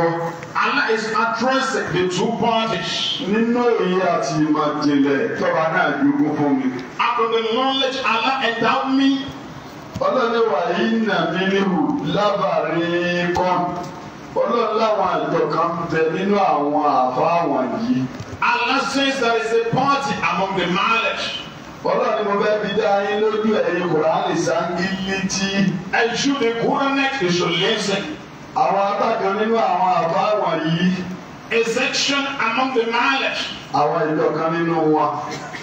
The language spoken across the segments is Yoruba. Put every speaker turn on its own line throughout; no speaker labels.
Allah is addressing the two parties. Nínú èyí àti ìmọ̀ ìjìnlẹ̀ tọ́ba náà jogún fún mi. After the knowledge Allah endowed me. Ọlọ́ni wà yìí nà mí níhù lábàárí kan. Ọlọ́run láwọn àjọ kan bẹ nínú àwọn àfa wọ̀nyí. Allah says there is a party among the marriage. Ọlọ́run ni mo fẹ́ fi dá yín lójú ẹ̀yin Kùránì Sangiliti. Ẹ ṣú ni Kúránẹ́kì ṣòlẹ́sẹ̀ àwọn abákan nínú àwọn àbá wọ̀nyí. a section among the Malek. àwọn ìjọ kan nínú wọn.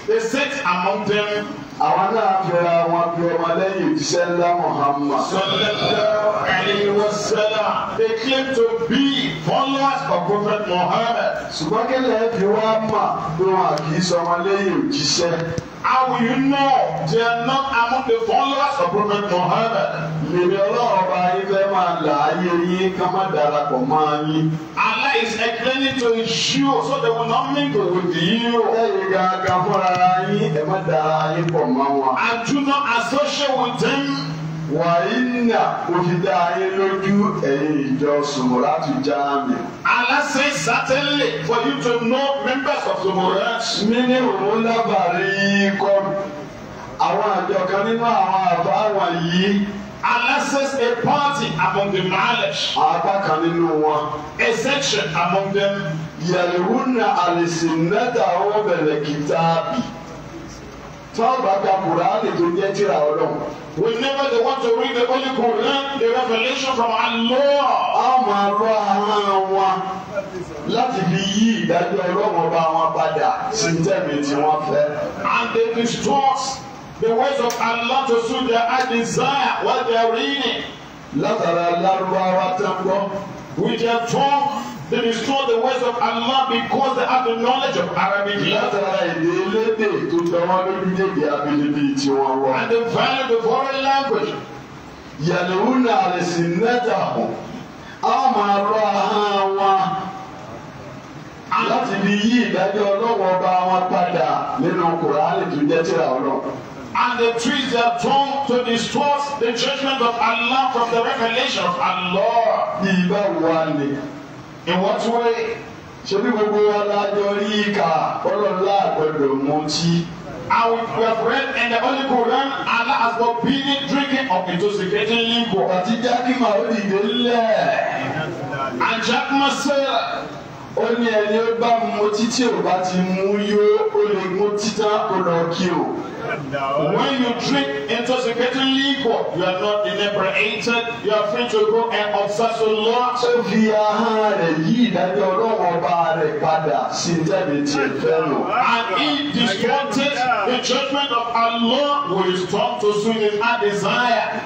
a sect among them. àwọn náà fẹ́ra wọn bí ọmọlẹ́yìn òjíṣẹ́ ńlá Muhammad. sallallahu alayhi wa sallam. they claim to be followers of Prophet Muhammad. ṣùgbọ́n kí lè fi wá mà bí wọn kì í sọ ọmọlẹ́yìn òjíṣẹ́. How will you know they are not among the followers of Prophet Muhammad? Lèmi ọlọ́run bá ibẹ̀ máa là ayé yín ká má darapọ̀ máa yín. Allah is explaining to his you so they will not mingle with you. Ẹ̀yin gàgà fúnra yín ẹ̀ má dara yín pọ̀ mọ́ wọn. I do not associate with them wàyínà òfìdá ayé lójú ẹ̀yin ìjọ sùmùràtù jáàmì. aláṣẹ sátẹ́lẹ̀ for you to know members of sùmùràtù. mímí òun lábàárí kọ́ọ̀dù àwọn àjọ kan nínú àwọn àbá wọ̀nyí. Allah says a party among the Malish. Apá kan nínú wọn. A section among them. Yẹ̀rù na àlìsìn nẹ́ta ó bẹ̀rẹ̀ kìtàbí sábà ka kuraani tó jẹ́ tírà Ọlọ́run. whenever they want to read the holy Quran the revelation from Allah. a máa lọ àwọn wọn láti fi yí ìdájọ́ Ọlọ́run ọba wọn padà sí tẹ̀mí tí wọ́n fẹ́. and they distort the words of Allah to suit their heart desire while they are reading. látara Lárúbáwá tẹ́ gbọ́. with their tongue. They destroy the words of Allah because they have the knowledge of Arabic. And they value the foreign language. Yàlẹ́wò lè sì nẹ́ta hù. A máa rọ ahọ́n wọn láti fi yí ìdájọ́ ọlọ́wọ́ bá wọn padà nínú Kùránì tó jẹ́ tírà And they twist their tongue to distort the judgment of Allah from the revelation of Allah. Bí ibà wà ìwọ́ntúwé ṣebí gbogbo alájọ rí ìka ọlọ́lá àgbẹ̀dọ̀ mọ́tí. And we have read in the Holy Quran, Allah has forbidden drinking of intoxicating liquor. Àti Jákìmá ó dìde lẹ̀. And Jákìmá said ó ní ẹni ó bá mu títí ò bá ti mú yó ó lè mú títà ó lọ kí o. No. When you drink intoxicating liquor, you are not inebriated. You are free to go and obsess the Lord. Ó the ahọ́n rẹ̀ yí ìdájọ́ ọlọ́wọ́ ọba rẹ̀ And if distorted the judgment of Allah will stop strong to suit his desire.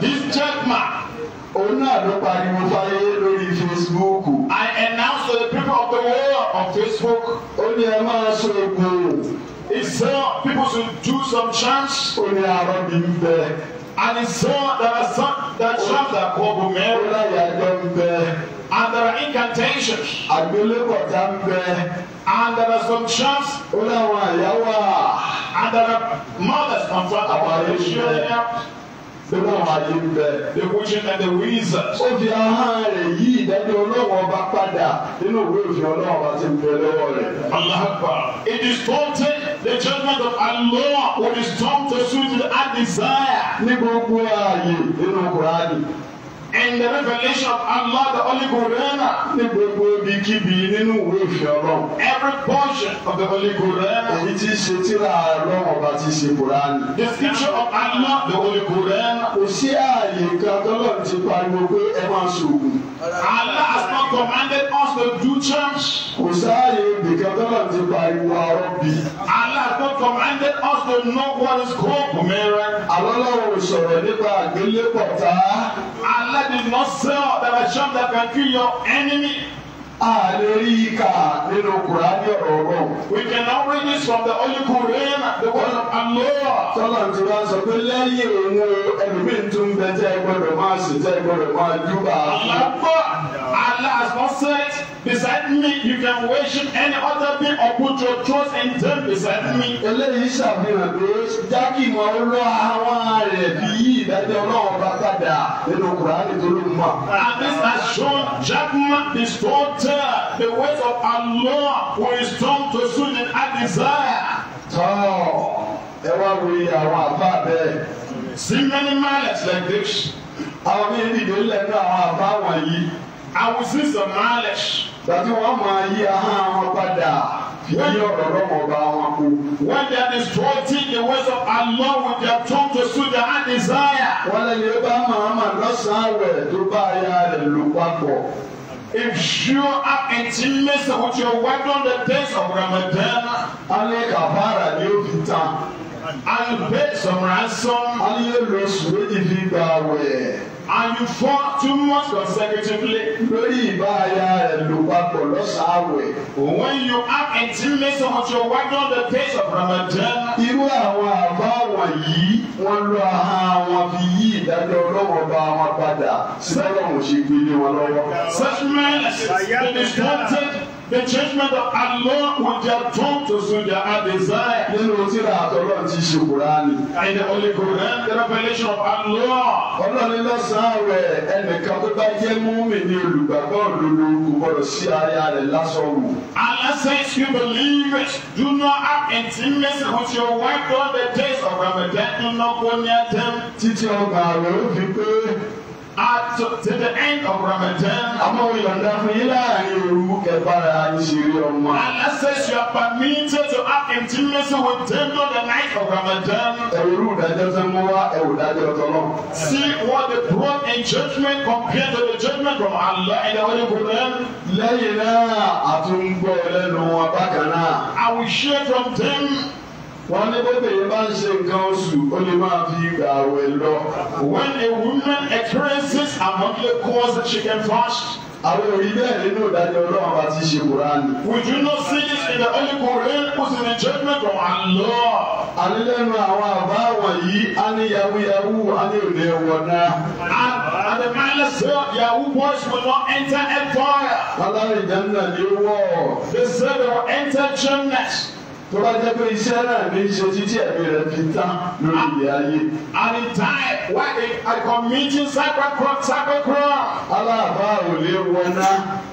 This judgment. Òun náà Facebook. I announce to the people of the world on Facebook. only ní ẹ máa It's uh, people to do some chants. Ó ní bí ń bẹ. And it's uh, there are some that chants that call Bumeri. Ó láyé àjọ bẹ. And there are incantations. Àgbélébọ̀tá ń bẹ. And there are some chants. Ó láwọn àyà wà. And there are mothers confront about the nínú àwọn ayé ń bẹ. the witch and the wizard. ó fi ahọ́n rẹ̀ yí ìdájọ́ ọlọ́wọ́ bá padà nínú òwe òfin ọlọ́wọ́ bá ti ń bẹ lọ́wọ́ rẹ̀. alahakpa it is taunted the judgment of Allah will be strong to suit the desire. ní gbogbo ààyè nínú kùránì in the revelation of Allah the Holy Quran. ní gbogbo ibi kíbi nínú ìwé òfin Ọlọ́run. every portion of the Holy Quran. èyí tí í ṣe tírà Ọlọ́run ọba tí ṣe Quran. the scripture of Allah the Holy Quran. kò sí ààyè kan tọ́lọ́run ti pariwo pé ẹ máa ṣògùn. Allah has not commanded us to do church. kò sáàyè nìkan tọ́lọ́run ti pariwo àrọ́ bí. Allah has not commanded us to know what is called. Mẹ́rin. Àwọn ọlọ́run sọ̀rọ̀ nípa àgbélépọ̀ tá. Allah rapidement sort dans la chambre d'un client ennemi. a nínú Kùránì ọ̀rọ̀ ọlọ́run. we cannot read this from the Holy Quran the word of Allah. sọlá tí wọ́n sọ pé lẹ́yìn òun ẹlòmíín tún bẹ jẹ́ gbọ́dọ̀ máa ṣe jẹ́ gbọ́dọ̀ máa júbà. àlàbọ̀ Allah has beside me you can worship any other being or put your trust in them beside me. eléyìí ṣàfihàn pé jákì mọ ọlọ́ àwọn rẹ̀ bí ìdájọ́ ọlọ́run bá padà nínú Kùránì tó ló mọ̀. and this has shown Jackman is total desire the ways of Allah who His tongue to suit in our desire. tọ́ ẹ wá wí àwọn àbá bẹ́ẹ̀. see many manners like this. àwọn mi nìdí lẹ́nu àwọn àbá wọ̀nyí. I will see some manners. tàbí wọ́n máa yí ahọ́n àwọn padà yí ọ̀rọ̀ lọ́wọ́ bá wọn kú. when they are distorting the ways of Allah with their tongue to suit their own desire. wọ́n lè yẹ bá màmá lọ́sàn-án rẹ̀ tó bá aya rẹ̀ lò papọ̀. If you are intimate with your wife on the days of Ramadan, alẹ́ kàfàrà ni ó fi And you pay some ransom. And you lose weight if you gba awẹ. And you fought two months consecutively. Lórí ìbára ẹ̀ ló papọ̀ lọ́sàáwẹ̀. When you act intimately on your wife on the face of Ramadan. Irú àwọn àbá wọ̀nyí wọ́n lọ ahọ́n wọn fi yí ìdájọ́ ọlọ́wọ́ bá wọn padà sí ọlọ́run ṣe gbélé wọn lọ́wọ́. Such men are distorted. The judgment of Allah will their tongue to suit their desire. Nínú tírà àtọ́lọ́ ti ṣe Kùránì. In the Holy Quran, the revelation of Allah. Ọlọ́run lọ́sàn-án rẹ̀ ẹnìkan tó bá jẹ́ múmi ní olùgbàgbọ́ òdodo kò gbọdọ̀ sí aya rẹ̀ lásán wù. Allah says you believers do not have intimacy with your wife all the days of Ramadan do not go near them. Títí ọgbà rẹ̀ ó fi pé at to the end of Ramadan. àmọ́ ìyọ̀ǹda fún yín láàrin òru kẹfàrà ìṣeré ọmọ. Allah says you are permitted to have intimacy with them on the night of Ramadan. ẹ̀rù ìdájọ́ sẹ́ mú wá ẹ̀rù ìdájọ́ tọ́lọ́. see what they brought in judgment compared to the judgment from Allah in the Holy Quran. lẹ́yìn náà àtúngbọ̀ lẹ́nu wọn náà. I will share from them wọ́n ní bóbìnrin bá ń ṣe nǹkan oṣù ó lè máa fi àwẹ̀ lọ. when a woman experiences a monthly course she can fast. àwọn òrí bẹ́ẹ̀ nínú ìdájọ́ ọlọ́run bá ti ṣe kúránì. we do not see this in the Holy Quran put in the judgment of Allah. àlelẹ́nu àwọn àbá wọ̀nyí á ní yahoo á ní òde ẹ̀wọ̀n náà. and the man said yahoo boys will not enter empire. alárinjẹ́ náà ni ó wọ̀. they said they will enter Jannah tó bá jẹ́ pé iṣẹ́ náà ní ṣe títí ẹ̀mí rẹ̀ fi tán lórí ilẹ̀ ayé. at the time when they are committing sacrocrime sacrocrime. aláàbá ò lè wọná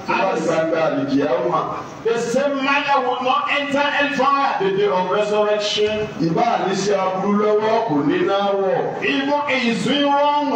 tó bá gbàgbà àlìkí àwòmá. the same manner will not enter hellfire the day of resurrection. ìbá àníṣe aburú lọ́wọ́ kò ní náà wọ̀. even if it's wrong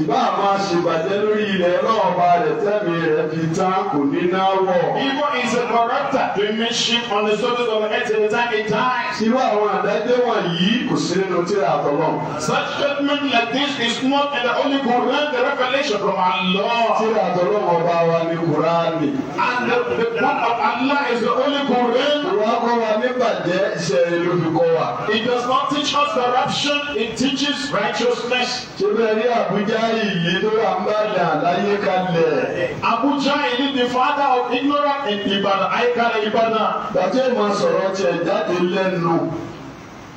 ìbá máa ṣèbàjẹ́ lórí ilẹ̀ ọlọ́ọ̀ba rẹ̀ tẹ́mi rẹ̀ fi tán kò ní náwọ̀. Evil is a corrupter doing mischief on the surface of earth every time it dies. Irú àwọn àdájọ́ wọ̀nyí kò sí nínú tírà àtọ́lọ́. Such judgment like this is not in the only Quran the revelation from Allah. Tírà àtọ́lọ́ ọba wa ni Kùránì. And the, the book of Allah is the only Quran. Ìwà kọ́ wa níbàjẹ́ ìṣẹ̀lẹ̀ ló fi kọ́ wa. It does not teach us corruption, it teaches righteousness. Ṣé bẹ́ẹ̀ ni Àbújá? jahili tó wà ń bàdàn láyé kalẹ̀. Abu Jahili the father of ignorance in Ibadan àyíkalẹ̀ Ibadan. bàtẹ́ ìmọ̀ sọ̀rọ̀ tiẹ̀ jáde lẹ́nu.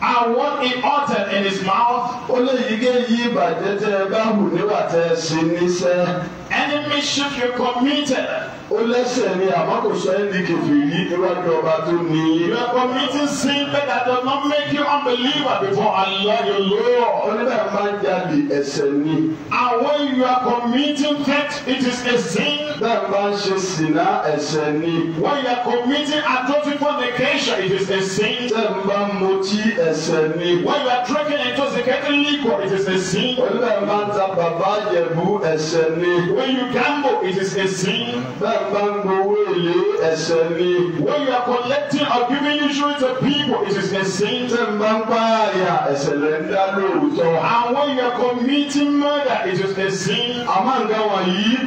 And what he uttered in his mouth. Ó lè yíké yí ìbàjẹ́ tẹ́ ẹ bá hù níwà tẹ́ ṣe níṣẹ́. Any mischief you committed ó lẹ́sẹ̀ ni àmọ́ kò sọ ẹ́ndì kẹfìrí iwájú ọba tó ní. you are committing sin that does not make you unbeliever before Allah your Lord. oníbẹ̀ máa ń jáde ẹ̀ṣẹ̀ ni. and when you are committing theft it is a sin. bẹ́ẹ̀ máa ń ṣe sìnà ẹ̀ṣẹ̀ ni. when you are committing adultery fornication it is a sin. bẹ́ẹ̀ máa ń mutí ẹ̀ṣẹ̀ ni. when you are drinking intoxicating liquor it is a sin. oníbẹ̀ máa ń ta bàbá yẹ̀bú ẹ̀ṣẹ̀ ni. when you gamble it is a sin. bẹ́ẹ̀ E. when you are collecting or giving usury to people it is a sin. tẹ̀ ń bá ń pa àyà ẹ̀ṣẹ̀ lẹ̀ and when you are committing murder it is a sin. all these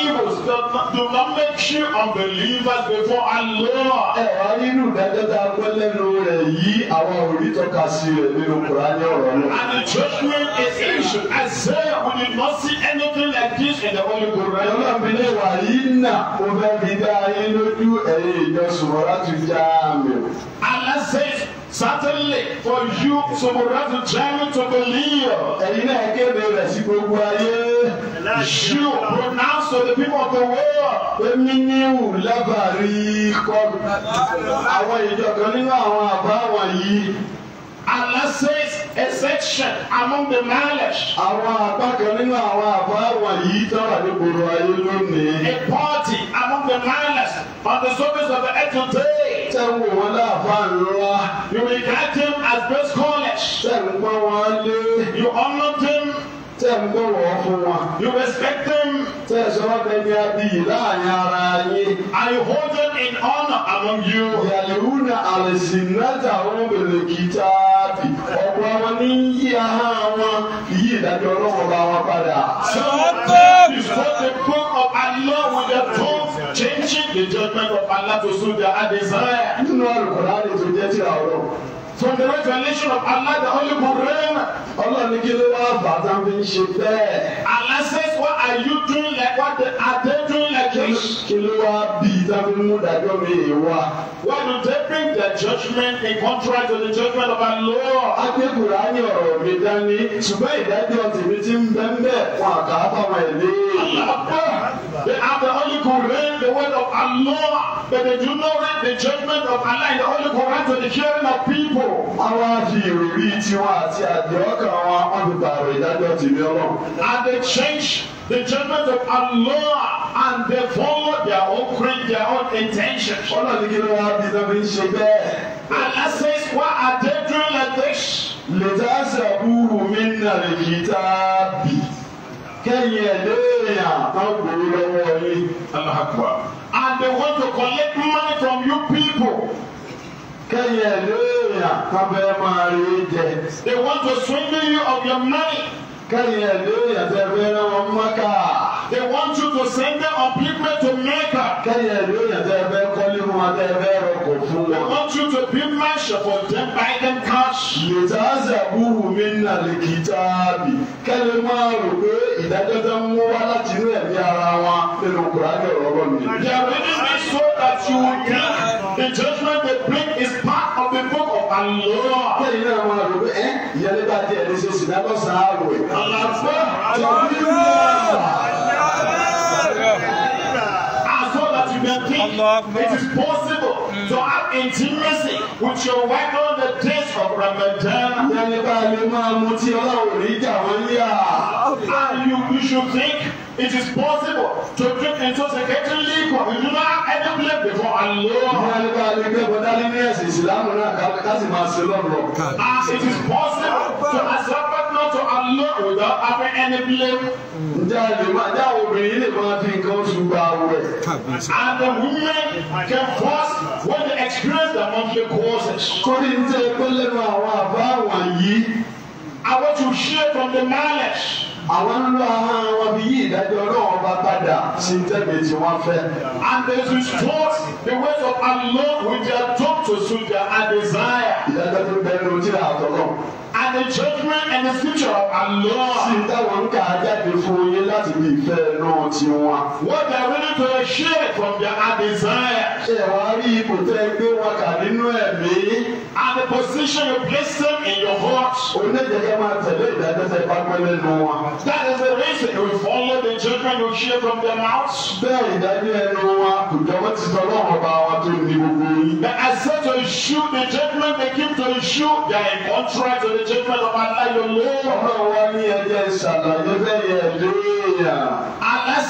evils do not, do not make you unbelievers before Allah. and the judgment is issued. Isaiah we did not see anything like this in the Holy ọlọ́mọbìnrin wà yìí nà ó fẹ́ fi dá ayé
lójú ẹ̀yìn ìjọsìn ọ̀rá ti já mi.
alasẹ́ sátẹ́lẹ̀ for you sọ̀rọ̀ to try to believe. ẹ̀yin náà kéde rẹ̀ sí gbogbo ayé. you pronounce to the people of the world. èmi ní ìwúlábàárí kọ́ àwọn ìjọ kan nínú àwọn àbá wọ̀nyí. Allah says a section among the knowledge. Àwọn apá nínú àwọn àbá wọ̀nyí tó wà ní gbòòrò ayé lónìí. A party among the knowledge for the service of the earth today. Sẹ́wọ̀n wọn láàbá ńlá. You regard them as best college. Sẹ́wọ̀n pọ́n wọn lé. You honour them. Sẹ́wọ̀n pọ́n wọn fún wọn. You respect them. Sẹ́wọ̀n sọ́wọ́ bẹ́ẹ̀ ni a láàyè ara yín. I hold them in honor among you. Yàlúùnà àlìsínátà wọn bèrè kìtàbì. Ọ̀pọ̀ àwọn ní yí ahá wọn yí ìdájọ́ ọlọ́wọ́ bá wọn padà. Sọ́kọ́! You the book of Allah with your tongue, changing the judgment of Allah to suit their desire. Nínú àlùkòrá ni tó jẹ́ ti àwọ̀. From the revelation of Allah, the Holy Quran. Ọlọ́run ní kí ló wá bàtà fi ń ṣe bẹ́ẹ̀. Allah says, what are you doing like what they are doing? kí bí sábẹ́ mú mi yìí wá. Why do they bring their judgment in contrast to the judgment of our Lord? Akẹ́kọ̀ọ́ á ọ̀rọ̀ mi dání, ṣùgbọ́n ìdájọ́ tèmi ti ń bẹ́ ń fún àkàtà wọn ẹ̀lẹ́. They have the Holy Quran, the word of Allah, but they do not read the judgment of Allah in the Holy Quran to the hearing of people. Àwọn àfi ìròrí tiwọn àti àdéhọ́kàn wọn, wọ́n fi pààrọ̀ ìdájọ́ tèmi ọlọ́run. And they change the children of Allah and they follow their own creed, their own intentions. Ọlọ́run ní kí ló Allah says why are they doing like this? Let us. al-kitabi. Kẹ́yìn ẹ̀ léèyàn tán And they want to collect money from you people. They want to swindle you of your money kẹ́yìn lóye àtẹ̀wé wọn Mẹ́kà. They want you to send them on pilgrimage to Mecca. Kẹ́yìn lóye àtẹ̀wé kọ́lé wọn àtẹ̀wé ọkọ̀ fún wọn. They want you to be merchant for them buy them cash. Yòtá Zabuhu mi nà lè kì í tábì. Kẹ́lẹ́ máa rò pé ìdájọ́ tẹ́ ń mú wá láti inú ẹ̀mí ara wọn nínú Kùránì ọ̀rọ̀ ọlọ́run. They are reading be so that you will get the judgment they bring is power of the book of Allah. Kẹ́hìn náà wọn àdó pé ẹ́ ìyẹlẹ bá tiẹ̀ lè ṣe sìnà lọ sàárò ẹ̀. Àlàfo tẹ̀lé náà. As well you can think, it is possible mm. to have intimacy with your wife on the days of Ramadan. Ìyẹlẹ bá lè And you, you should think. It is possible to drink into secondary liquor. You do not ever believe before Allah. Ní alẹ́kọ̀ọ́ alẹ́kẹ́ bọ́dá ní ní ẹ̀sìn ìsìlámù náà ká sì máa ṣe lọ́rọ̀. And it is possible to accept not to Allah without having any blame. Ǹjẹ́ àlè máa dá obìnrin lè máa fi nǹkan oṣù gba awẹ̀? And the women can force when they experience the monthly courses. Kọ́ni ń tẹ́ pẹ́lẹ́nu àwọn àbá wọ̀nyí. I want to share from the knowledge àwọn ń lọ bí yí ìdájọ́ ọlọ́wọ́n bá padà sí tẹ́lẹ̀ tí fẹ́. and they distort the ways of Allah with their talk to soldier and desire. ìdájọ́ tó bẹ̀rẹ̀ ló ti rà náà and the judgment and the scripture of Allah. sí táwọn ń kà á jáde fún yín láti bí ìfẹ́ náà ti wọn. what they are willing to share from their desire. ṣé wàá rí ipò tẹ́ gbé wọn kà nínú ẹ̀mí. and the position you place them in your heart. onídẹ̀ẹ́kẹ́ máa tẹ̀lé ìdájọ́sẹ̀ pápẹ́lẹ́ nu wọn. that is the reason you follow the judgment you share from their mouth. bẹ́ẹ̀ ìdájọ́ ẹnu wọn kò jọwọ́ ti sọ lọ́wọ́ bá wa tó ní gbogbo yín. the asset to issue the judgment they keep to issue their are contract to the judgment. Allah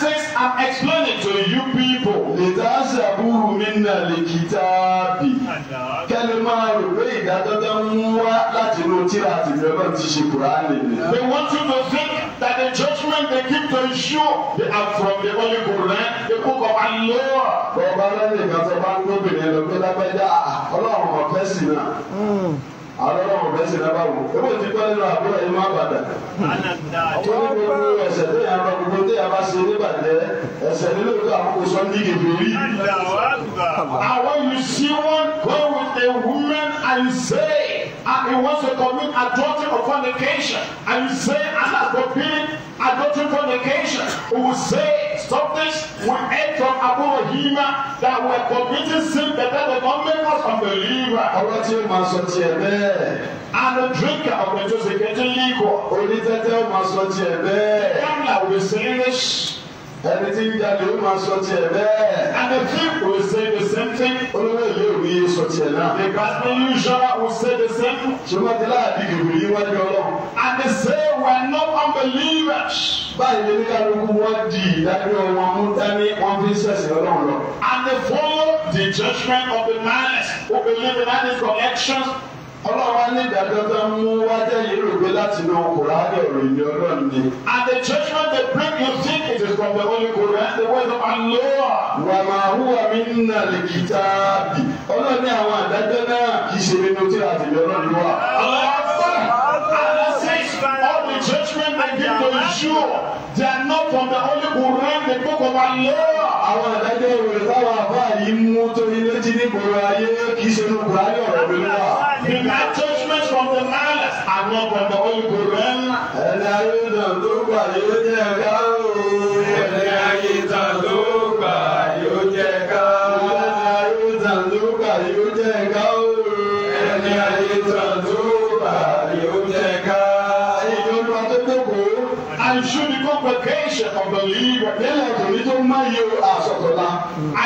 says, I'm explaining to you people. Lìtàṣàbùrù mi nà lè kìtàbì. Kẹ́lí máa rò pé ìdájọ́ tẹ́ ń wá láti inú tíra àti ìrẹ́bẹ̀ ti ṣe Kùránì ni. They want you to think that the judgment they give to you they from the Holy Quran, eh? the book of Allah. Bọ̀ọ̀bá lẹ́yìn ìgbà tó bá ń gbóbìnrin lọ pé lápẹ́jà ọlọ́run ọ̀fẹ́ sí
náà
àwọn ọmọ ọbẹ̀ sì náà wò ó bó ti pẹ́ àbúrò yìí má bàdà. tó ní gbogbo ẹsẹ̀ tó yà lọ gbogbo tó yà bá ṣe níbàdẹ́ ẹsẹ̀ nílò tó àkókò sọ́ndí kèfèrí. àwọn you see one go with a woman and say ah he wants to commit adultery or fornication and you say Allah forbid adultery fornication he will say stop this we end from Abu Rahima that we are committing sin better than all members of the river. ọ̀rọ̀ tí ó máa sọ tiẹ̀ bẹ́ẹ̀ bẹ́ẹ̀. And the drinker of the Jose getting liquor. Onítẹ́tẹ́ ó máa sọ tiẹ̀ bẹ́ẹ̀. The gambler will say English. Ẹni tí ń jalè ó máa sọ tiẹ̀ bẹ́ẹ̀. And the thief will say the same thing. Olówó ìlú ìwé yìí sọ tiẹ̀ náà. The gospel usurer will say the same. Ṣùgbọ́n tí láàbí ìgbìmọ̀ yìí wájú ọlọ́run. And they say we are not unbelievers báyìí lè ní kálukú wọ́n di ìdájọ́ wọn mú dání wọ́n fi sẹ̀sẹ̀ ọlọ́run lọ. and they follow the judgment of the man who believe in any corrections Ọlọ́run ní ìdájọ́ tó ń mú wájẹ́ yìí rò pé láti inú Kùránì ọ̀rọ̀ ìní Ọlọ́run ni. And the judgment they bring you think it is from the Holy Quran the word of Allah. Wa ma huwa minnal kitabi. Ọlọ́run ní àwọn àdájọ́ náà kì í ṣe nínú tí a ti yọ Ọlọ́run wá. Allah says all the judgment I give to you they are not from the Holy Quran the book of Allah. Àwọn àdájọ́ ìwé táwọn àbá yìí mú torí létí ní gbòòrò ayé kì í ṣe nínú Kùránì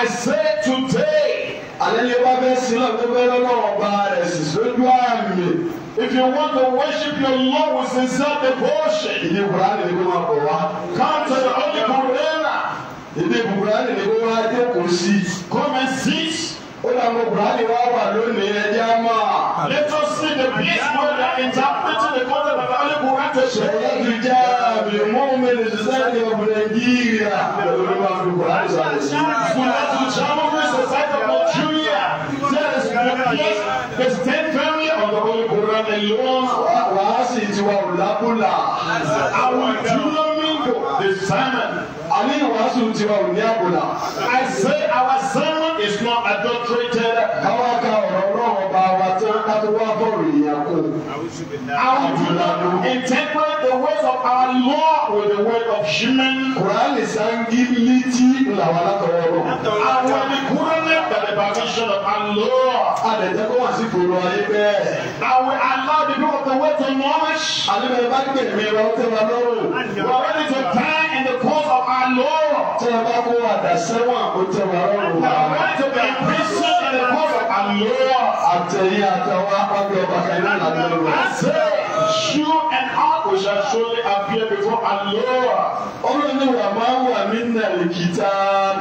I say today, àlejò bá bẹ́ẹ̀ sí lọ tó bẹ́ẹ̀ lọ́wọ́ ọba rẹ̀ sì sójú àmì. If you want to worship your Lord with sincere devotion, ìdí ìbúra lè kó máa bọ̀ wá. Come to the holy Quran. Ìdí ìbúra lè kó máa dé kò sí. Come and sit. Ó dàgbọ́ ìbúra lè wá wà lónìí ẹ̀jẹ̀ á máa. Let us see the place where they are interpreting the content of the holy Quran to share. The society of Nigeria. We have to travel to society of Nigeria. That is the state family of the Holy Quran alone. was Wàhásì tiwa ò lábúlà. Àwọn ìdúró mímú the sermon. Àní ìwàásù tiwa ò our àbùlà. I say our sermon is not adulterated. Káwá ka ọ̀rọ̀ náà ọba wa tán ká tó wá I will do not interpret the words of our law with the word of human. Kùránì sangi létí làwọn alátọwọ́ lọ. Àwọn ẹni kúrẹ́lẹ̀ bẹ̀rẹ̀ permission of our law. Àdẹ̀jẹ́ kó wá sí kòrò ayé bẹ́ẹ̀. I will allow the people of the world to nourish. Àdébẹ̀rẹ̀ bá gbẹ̀mí ẹ̀rọ tẹ́wà lọ́rùn. We are ready to die in the cause of our law. Tẹ́wà bá kó àdàsẹ́wọ̀n àbótẹ́wà lọ́rùn. Allah. Say, you and I we shall surely appear before Allah. Ọlọ́run wà máa wà nínú ìkìtà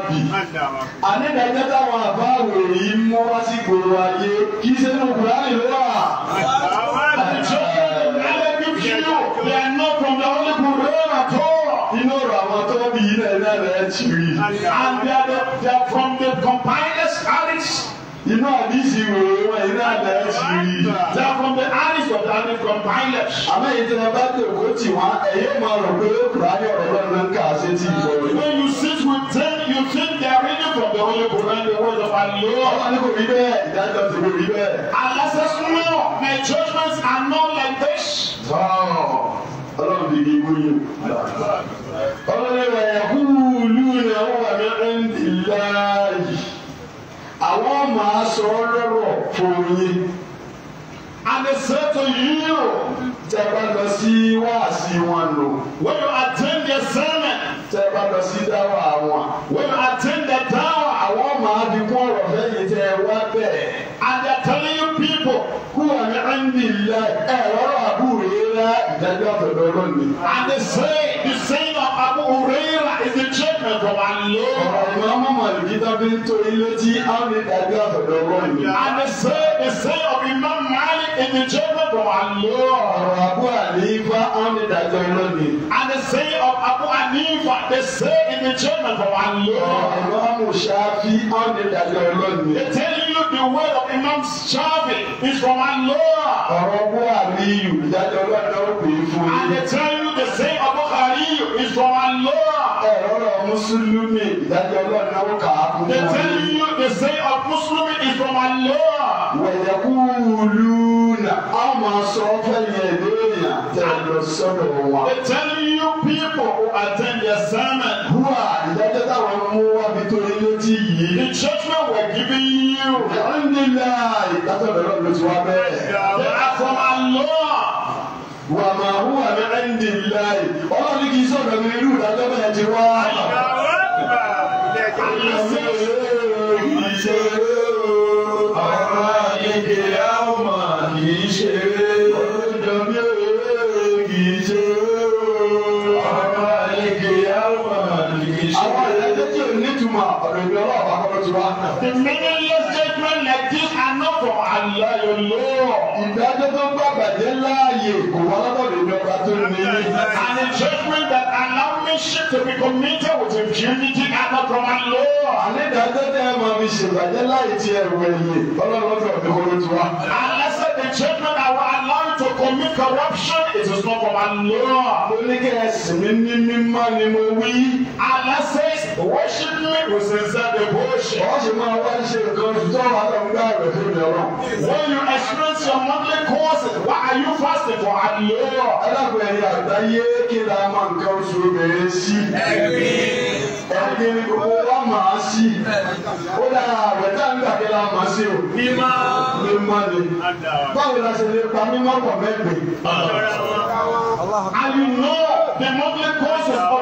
bì. Ànídàájọ́ táwọn àbá ròyìn mú wá sí gbòòrò ayé kì í ṣe nínú Kùránì ló wà. Àjọ ẹlẹ́gbẹ̀kìlò they are not from the Holy Quran at all. Inú ọ̀rọ̀ àwọn tó bí ilẹ̀ náà rẹ̀ jì rí. And they are, from the compilers' carriage. You know inú àdìsí wèrè wọn inú àdìsí yìí jáfọ́n bẹ́ẹ̀ àìsàn the kọ̀mpáìlẹ̀ àmọ́ èyí tí wọ́n bá kẹ́kọ̀ọ́ tì wọ́n ẹ̀yẹ́ máa rò pé kùránì ọ̀rọ̀ náà ló ń kà á sétí ìbọn rẹ̀. when you sit with them you think they are reading from the holy Quran the word of Allah. ọmọ ní kò rí bẹ́ẹ̀ ìdájọ́ ti kò rí bẹ́ẹ̀. alasas no my judgments are not like this. ọlọ́run bí kí n kú yín. ọlọ́run yẹn wọ́n máa sọ ọ́ lọ́rọ̀ fún yín àdìsẹ́tò yìí o tẹ́gbà lọ sí wáàsí wọn lò. wọ́n yóò attend their sermon. tẹ́gbà lọ sí dáwà wọn. wọ́n yóò Ọ̀rọ̀ ọmọ Màlìkítà fi ń torí létí Ámì dàbí àtọ̀dọ̀ ọgbọ́n mi. And the say the say of Imam Malik in the chamber from Allah. Ọ̀rọ̀ Abu Hanifa Ámì dàjọ́ iná mi. And the say of Abu Hanifa the say in the chamber from Allah. Ọ̀rọ̀ Amu Shafi Ámì dàjọ́ iná mi. They tell you the word of Imam Shafi is from Allah. Ọ̀rọ̀ Abu Aliyu ìdájọ́ ọlọ́dọ̀ ó pè é fún yín. And they tell you the say of Abu Aliyu is from Allah mùsùlùmí ìdájọ́ ọlọ́run náà kà á fún they tell you they say a muslim is from Allah. wẹ̀yẹ̀kúlùúnà a máa sọ fẹ́yẹ̀ lóyìn tẹ̀lé sọ́dọ̀ wọn. they tell you people who attend their sermon. wúwa ìdájọ́ táwọn mú wá bí tó létí yìí. the judgment were given you. alhamdulilayi ìdájọ́ ọlọ́run ló ti wá bẹ́ẹ̀. they are from Allah wà máa hùwà ní ẹ̀ndì láì ọlọ́run kì í sọ̀rọ̀ mi irú ìdájọ́ bẹ́ẹ̀ ti wá. àyè láàyè kò wá tó ní. and a judgment that allow me shit to be committed with impunity and not from my law. ànídàájọ́ tẹ́ ẹ máa fi ṣèbàjẹ́ láì ti ẹ̀rù ẹ̀yẹ ọlọ́run fẹ́ fi kóró tiwa. unless the judgment I will allow you to commit corruption it is not from my law. mo ní kí ẹ sìn mí ní mímọ́ ni mo wí. Allah says. Worship me with sincere devotion. Wọ́n sì máa wá ṣe nǹkan tó wà lọ́gbà rẹ̀ fún ìjọba. When you experience your monthly courses, why are you fasting for àdìyẹ́wọ̀? Ẹlẹ́gbẹ̀rẹ̀ àgbáyé kí la máa nǹkan oṣù bẹ̀rẹ̀ sí. Ẹ̀gbìn gbogbo wa máa sí. Ó dára àwẹ̀ tá ń gbàgbé la máa sí o. Mímá. Mímá ni. Báwo la ṣe lè pa mímọ́ pọ̀ mẹ́gbẹ̀ẹ́? And you know the monthly courses of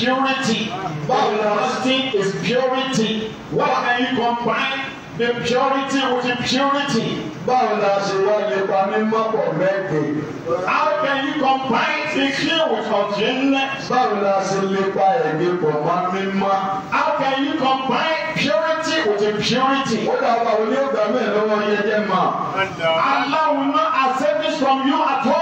purity. That is purity. What can you combine the purity with purity? Báwo la ṣe wá nípa mímọ́ pọ̀ mẹ́gbẹ̀ẹ́? How can you combine the clean with uncleanness? Báwo la ṣe lè pa ẹ̀mí pọ̀ mọ́ mímọ́? How can you combine purity with impurity? Ó dàgbà wo ni ó gbà mí lọ́wọ́ yẹn jẹ́ mọ́? Aláwo náà accept this from you at all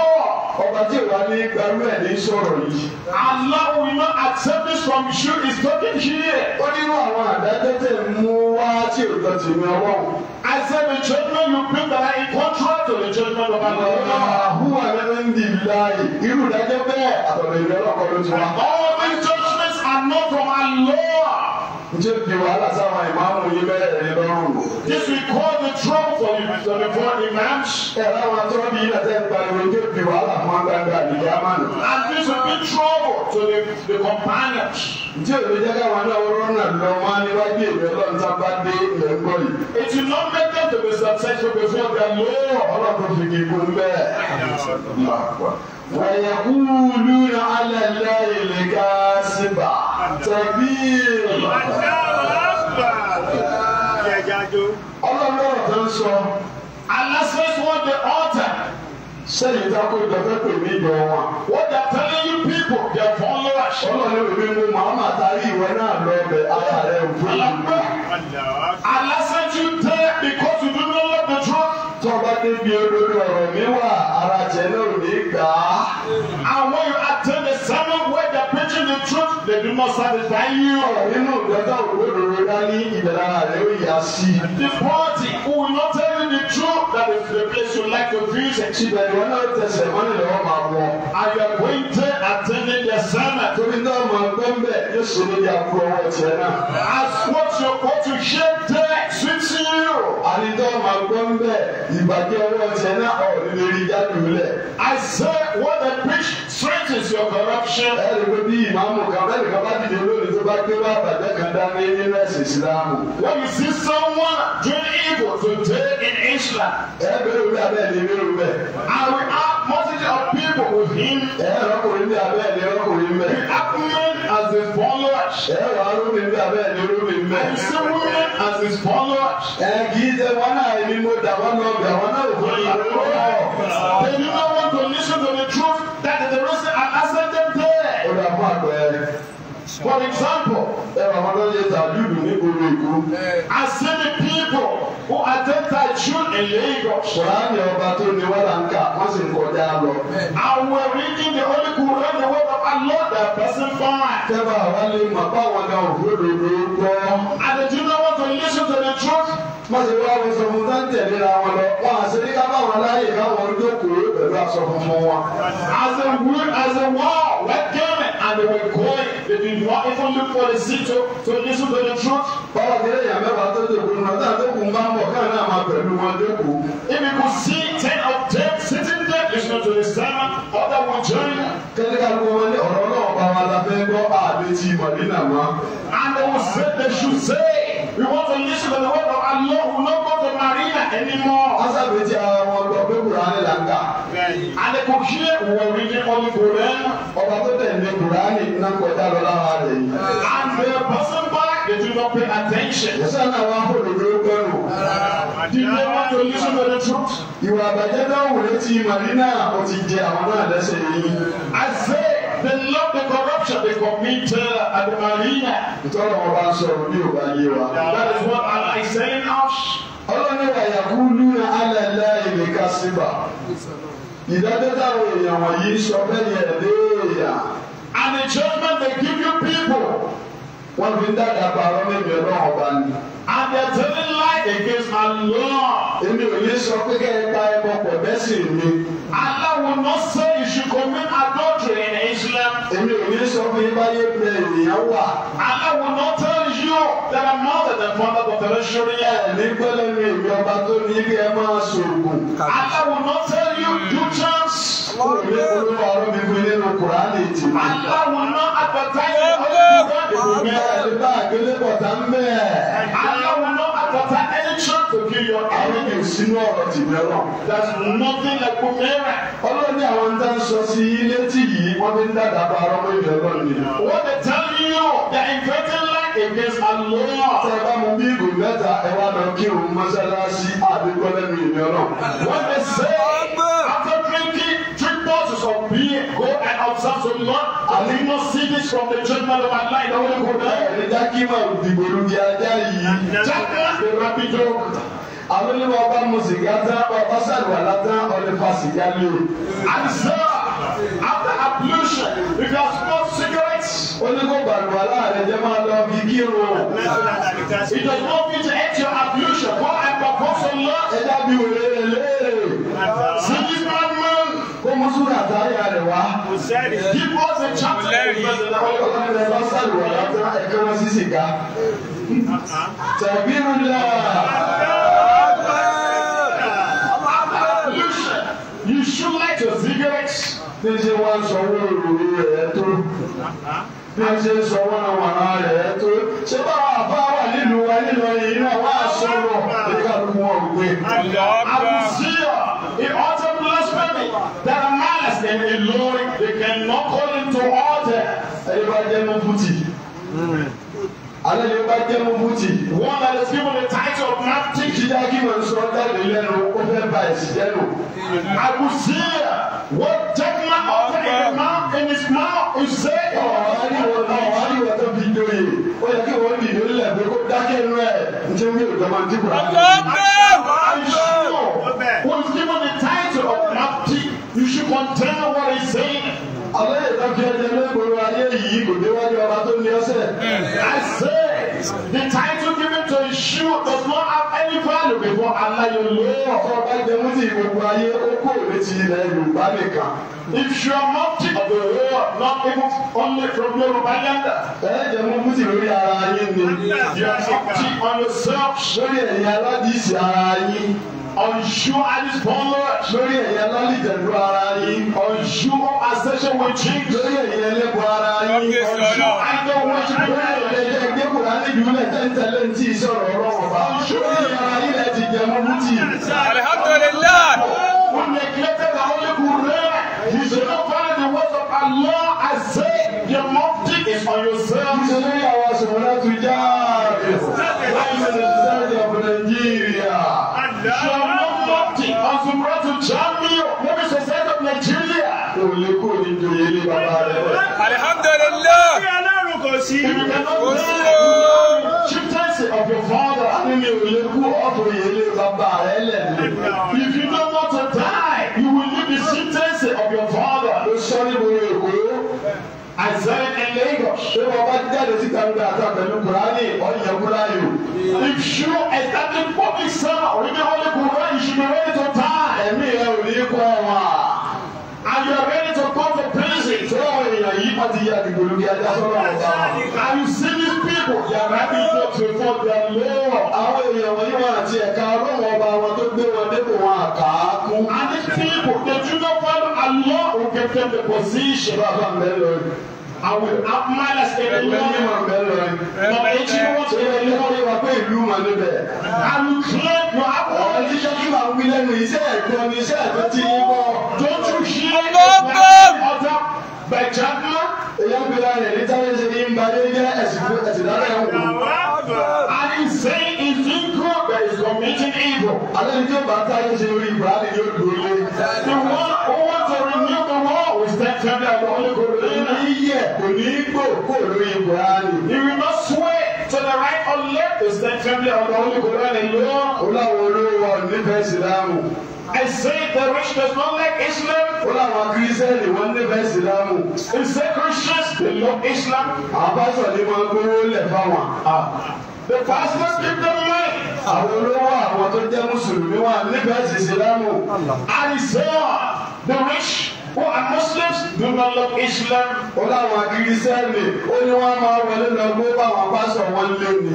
ọba tí ìwà ní gbarú ẹ̀ ní sọ̀rọ̀ yìí. Allah will not accept this from you is talking here. ó nínú àwọn àdájọ́tẹ̀ mú wá tí òjò ti ní ọwọ́. I said the judgment you bring that in contrast to the judgment of Allah. Àhúwà lẹ́nu ń di láàyè. Irú ìdájọ́ bẹ́ẹ̀ àtọ̀rọ̀ ìrẹ́lọ́kọ̀ ló ti wá. All these judgments are not from Allah njẹ bi wàhálà sáwọn ìmáàmù yìí bẹ́ẹ̀ yìí lọ́rùn. this will cause the trouble for you with the four imams. ẹ láwọn tó bí yìí lọ́tẹ̀ gbàgbọ́ njẹ bi wàhálà fún agbára àdìgí amánu. and this will be trouble to the the companions. njẹ òbí jẹ́ káwọn náà wọ́n náà lọ wọn níwájú ìlú ọlọ́run tá a bá dé ilẹ̀ ń bọ̀ yìí. it will not make them to be successful before their Lord. ọlọ́run fi kì í kú bẹ́ẹ̀. ويقولون على الله الكاذب تبير ọlọ́run ọ̀tọ̀ ń sọ Allah says what the altar sẹ́yìn tako ìdọ̀fẹ́ pè mí ìdọ̀ wọn. what they are telling you people their followers. ọlọ́run ìwé mu màmá tari ìwé náà lọ bẹ̀ ara rẹ̀ òfin. alágbá Allah said you there because you do not love the truth. tọ́ba débi olórí ọ̀rọ̀ mi The most of the time you are in the party who will not tell you the truth that is the place you like to visit. And you are going to attending the sermon. As what you going to share there suits you. And you don't mind going there. I said what they preach strengthens your corruption. ẹ̀rì pé ìmáàmù kan bẹ́ẹ̀ nìkan dìde lónìí tó bá gbé wá àbàjẹ́ kan dání nínú ẹ̀sìn ìsìlámù. when you see someone doing evil today in Islam. ẹ bẹ̀rẹ̀ abẹ́ ẹ̀ lè rí bẹ́ẹ̀. I will have multitude of people with him. ẹ rọkùnrin ní abẹ́ ẹ̀ lè rọkùnrin mẹ́. we have men as the follower. ẹ wà ní abẹ́ ẹ̀ lè rúmi mẹ́. and some women as his follower. ẹ kì wọn náà ni mo dà náà Uregu. Eh, I see the people who attend our church in Lagos. Quran ni ọba tó ní wọ́n là ń sì ń kọjá lọ. And eh, when reading the Holy Quran, the word of Allah, the person found. Tẹ́lá àwọn lè mọ̀ báwọn náà òfurufú gbọ́. And the children want to listen to the truth. Wọ́n ti wá wọn sọ fún tán ra wọn lọ. Wọ́n á ṣe ní ká báwọn láyè káwọn ojú kúrò pẹ̀lú aṣọ funfun wọn. As a wood as a wall, wet and they were going they did not even look for the seed to to listen to the truth. báwo ni èèyàn mẹ́wàá tó dé ìgbóni náà táwọn ẹ̀kún bá ń bọ̀ káà náà máa pẹ̀lú wọn lẹ́kọ̀ọ́. if you could see ten of ten sitting there listening to the sermon other one join. kẹ́lẹ́ ká ló wọn ní ọ̀rọ̀ náà bá wọn lábẹ́ gbọ́ àdéjì mọ̀línà wọn. and they will say they should say we want to listen to the word of Allah we no go to Marina anymore. wọ́n sábẹ́ tí àwọn ọgbọ́n pé kùránì là ń kà kò ṣe wọ̀nyí ní ọ̀nùkùnrin ọba tó tẹ̀lé kùránì náà kọjá lọ lára rẹ̀ and the person back they do not pay attention. yẹ́sẹ̀ náà wọ́n á kó lòdì lókèrò. did they want to listen to the truth. ìwà àbàjẹ́ náà wò lé ti màdínà ó ti jẹ àwọn náà lẹ́sẹ̀ yìí. I say they love the corruption they commit uh, at the marina. ìtọ́nà wọn bá ń
sọ̀rọ̀ bí ò bá yé
wa. that is what Allah is saying us. ọlọ́run ẹ̀yà kú lúra alẹ́ láì lè ká ìdájọ́ táwọn èèyàn wọ̀nyí sọ bẹ́ẹ̀ yẹn léèyà. and the judgment they give you people. wọ́n fi dáadáa pa àwọn méjì ọlọ́run ọba ni. and they are telling lie against my law. èmi ò ní sọ pé kẹ́ ẹ pa ẹbọ pọ̀ bẹ́sì mi. Allah will not say you should commit adultery èmi ò ní sọ fún yín báyé bẹ ènìyàn wà. and I will not tell you that I'm not the father of the nation yet. ní gbọ́dọ̀ ní ìgbẹ́ ọba tó ní kí ẹ máa ṣòògùn. and I will not tell you do chance. ó ní olúwa ọ̀rọ̀ mi fún nínú kùránì tì mí. and I will not advertise. ẹgbẹ́ ẹgbẹ́ àgbélébọ̀tà ń bẹ̀. and I will not àtàtà ẹ̀ṣọ́ tòkì yọ àwọn ìsínú ọ̀rọ̀ tìbẹ̀ náà. that's nothing like omera. ọlọ́ni àwọn tá ń sọ sí i létí yìí wọ́n fi ń dàgbà bá ọmọ ìlú ẹ̀rọ ni. wọ́n ti tẹ́ ní yóò the infected life against Allah. tẹ bá mu bí ìgò mẹ́ta ẹ wá lọ kí òun mọ́ṣáláṣí àdékọ́lẹ́nu ìlú ẹ̀rọ. wọ́n ti sẹ́yìn. observe so long and he not see this from the wa bá mu sìgá o. and sir after ablution if you smoke cigarettes, ó ní kó gbàdúrà láàrin jẹ́ máa lọ bí kírun. it does not mean to end your ablution. go and propose to Allah. ẹ̀dá bí wòlé lè mú súnà àtàrí rẹ̀ wá. Yíbo ṣe chapter ìgbésẹ̀ náà wọ́n kọ́ ẹ̀ lọ sáré wà látà ẹ̀kọ́ wọn sísè ká. Tẹ̀bí ń lọ. You should like your cigarettes. Bí ṣe wá sanwó ìròyìn rẹ̀ tó. Bí ṣe sanwó àwọn ará rẹ̀ tó. Ṣé báwa àbá wà nílùú wa nílùú ẹ̀yìn náà wá sọ̀rọ̀? Ìkàlùkù wọn ò gbé. Àbùsí. in Ilorin they cannot call him to order ẹ̀yẹ́bá jẹ́ mú fúti. Alẹ́ yóò One that is given the title of Maftik Yagima Sọ́jáde lẹ́nu ó fẹ́ bá ìṣiṣẹ́ lò. Àgùsíyà wọ́n jẹ́ kí máa ọ̀fẹ́ ìlú máa in his mouth is say. Ọ̀rọ̀ àríwọ̀ náà àríwọ̀ tó fi dòye. Ó yẹ kí wọ́n dìde lẹ̀ pé kó dákẹ́ inú ẹ̀. Ǹjẹ́ mi ò jọba ń dìbò? Ọjọ́ bẹ́ẹ̀ given the title of Maftik should contain what he's saying. Ọlọ́ ìdọ́kẹ́ ẹ̀jẹ̀ lẹ́gbẹ̀rún ayé yìí kò déwájú ọba tó ní ọsẹ̀. I say the title given to his does not have any value before Allah your Lord. Ọba jẹun ti gbogbo ayé ó kó létí ilẹ̀ Yorùbá nìkan. If you are not of the world, not even only from Yorùbá land. Ẹ jẹ́ mú mú ti lórí ara yín ni. You are multi on yourself. Lórí ẹ̀yìn aládìsí ara yín. Unsure and his followers. Lórí ẹ̀yẹ lálìjẹ̀lú ara yín. Unsure association with Jesus. Lórí ẹ̀yẹ ẹlẹ́bù ara yín. Unsure and your worship prayer lẹ́jẹ̀ gbé Kùránì jùlẹ̀ tẹ́ntẹ́lẹ̀ tí ì sọ̀rọ̀ ọ̀rọ̀ ọ̀bá. Unsure ara yín lẹ ti jẹ mọ́mú tì. Alhamdulillah. We neglected the Holy Quran. We should not find the words of Allah as see you chieftaincy of your father and you will go up yà and you see these people they are happy to pay for their law. àwọn èèyàn wọ̀nyí wọn àti ẹ̀ka ọlọ́run ọba wọn tó gbé wọn dépò wọn and these people they do not follow Allah who give them the position. bàbá mi lórí. Àwọn amúnáyà sẹ́yìn ló ń bá bẹ́ẹ̀ lọ rí. Bàbá yìí tí wọ́n ti rẹ̀ ní wọ́n lé wa pé ìlú wọn níbẹ̀. Àlùkìlẹ̀ bọ̀ àbọ̀. Ọ̀rọ̀ jíjọ́ kí wàá wí lẹ́nu iṣẹ́ ẹ̀gbọ́n ni iṣẹ́ ẹ̀gbọ́n ti yí bọ̀. Don't you hear? Ọgbọ́n. Ọ̀tá bẹ̀jáde èyàn gbéra rẹ̀ ní táwọn ṣe ní balẹ̀ jẹ́ ẹ̀sìn fún ẹ̀sìn lára wò. and he say it's you go there is committing evil. alẹ́ ní tí ó bá táwọn ṣe orí ìgbà ni yóò dùn lé. the one who wants to renew the world will step down and go to the new kò ní gbò kó lórí ìgbà ni. he will not sway to the right or left to step down and go to the new year. ó láwọn olówó nífẹ̀ẹ́ sí and say the rich does not like Islam. Ó láwọn Kírísítẹ́nì wọ́n ní bẹ́ẹ̀ Ìsìlámù. He said Christians they love Islam. Àbáṣọ ni wọ́n gbówó lẹ̀ fáwọn. Ah. The pastor keep them money. Àwọn olówó àwọn tó jẹ́ Mùsùlùmí wà níbẹ̀ Ìsìlámù. And he said the rich who Muslims do not love Islam. ó láwọn kìrìsẹ́nì ó ní wọ́n máa wọlé lọ gbé báwọn pásọ̀ wọn lé ni.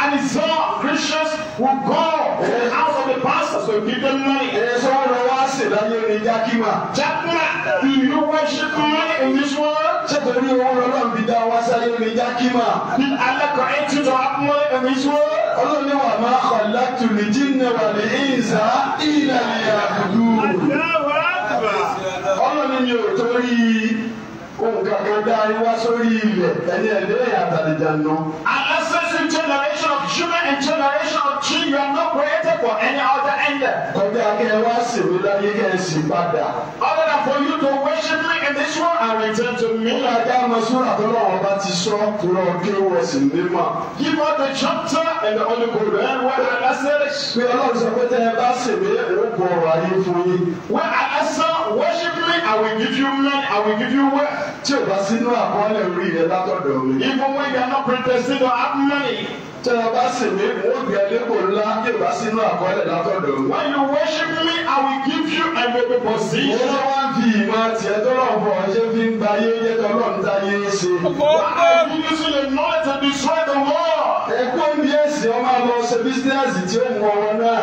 and he Christians who go to the house of the pastors to give them money. ẹ̀sọ́ ọ̀rọ̀ wá sí láyé ní jákìmá. jákìmá do you worship money in this world. ṣètòrí owó ọlọ́run fi dá wá sáyé ní jákìmá. did Allah create you to have money in this world. olóòní wà máa kọ̀ látùlì jíǹnà wà ní ìzà ìlànà. ẹni ẹni ẹ yà àtàlẹjà nù. and the second generation of human and generation of tree you are not created for any other end. kọjá kí ẹ wá sèwé láyé kí ẹ sì padà. other than for you to this one I return to me. Nígbà tá a mọ sóra tó lọ́wọ́ bá ti sọ tó lọ kí wọ́n sì ní mà. Give out the chapter and the Holy Ghost and Where I answered. Pé Ọlọ́run sọ pé tẹ́ ẹ bá sì mí, ó bọ̀ ọ̀rọ̀ ayé fún yín. When I answer, worship me, I will give you men, I will give you wealth. Tí o bá sínú àkọọ́lẹ̀ orí rẹ̀ látọ̀dọ̀ mi. Even when you are not pretending to have money tí wọn bá sì mí mò ń gbé ẹlẹ́kọ̀ ńlá yóò bá sínú àkọọ́lẹ̀ látọ̀dọ̀. when you worship me I will give you a baby position. mo wá fi ìmọ̀ tiẹ̀ tó lọ́n fọ̀ ṣé fi ń gba yé yé tọ́lọ́ ń ta yé ṣe. wàá bí yíṣu lè ná ẹ̀tẹ̀ destroy the world. ẹ̀kọ́ ń bí ẹ̀sìn ọmọ àlọ́ ṣe bísíǹsì tí ó mú ọwọ́ náà.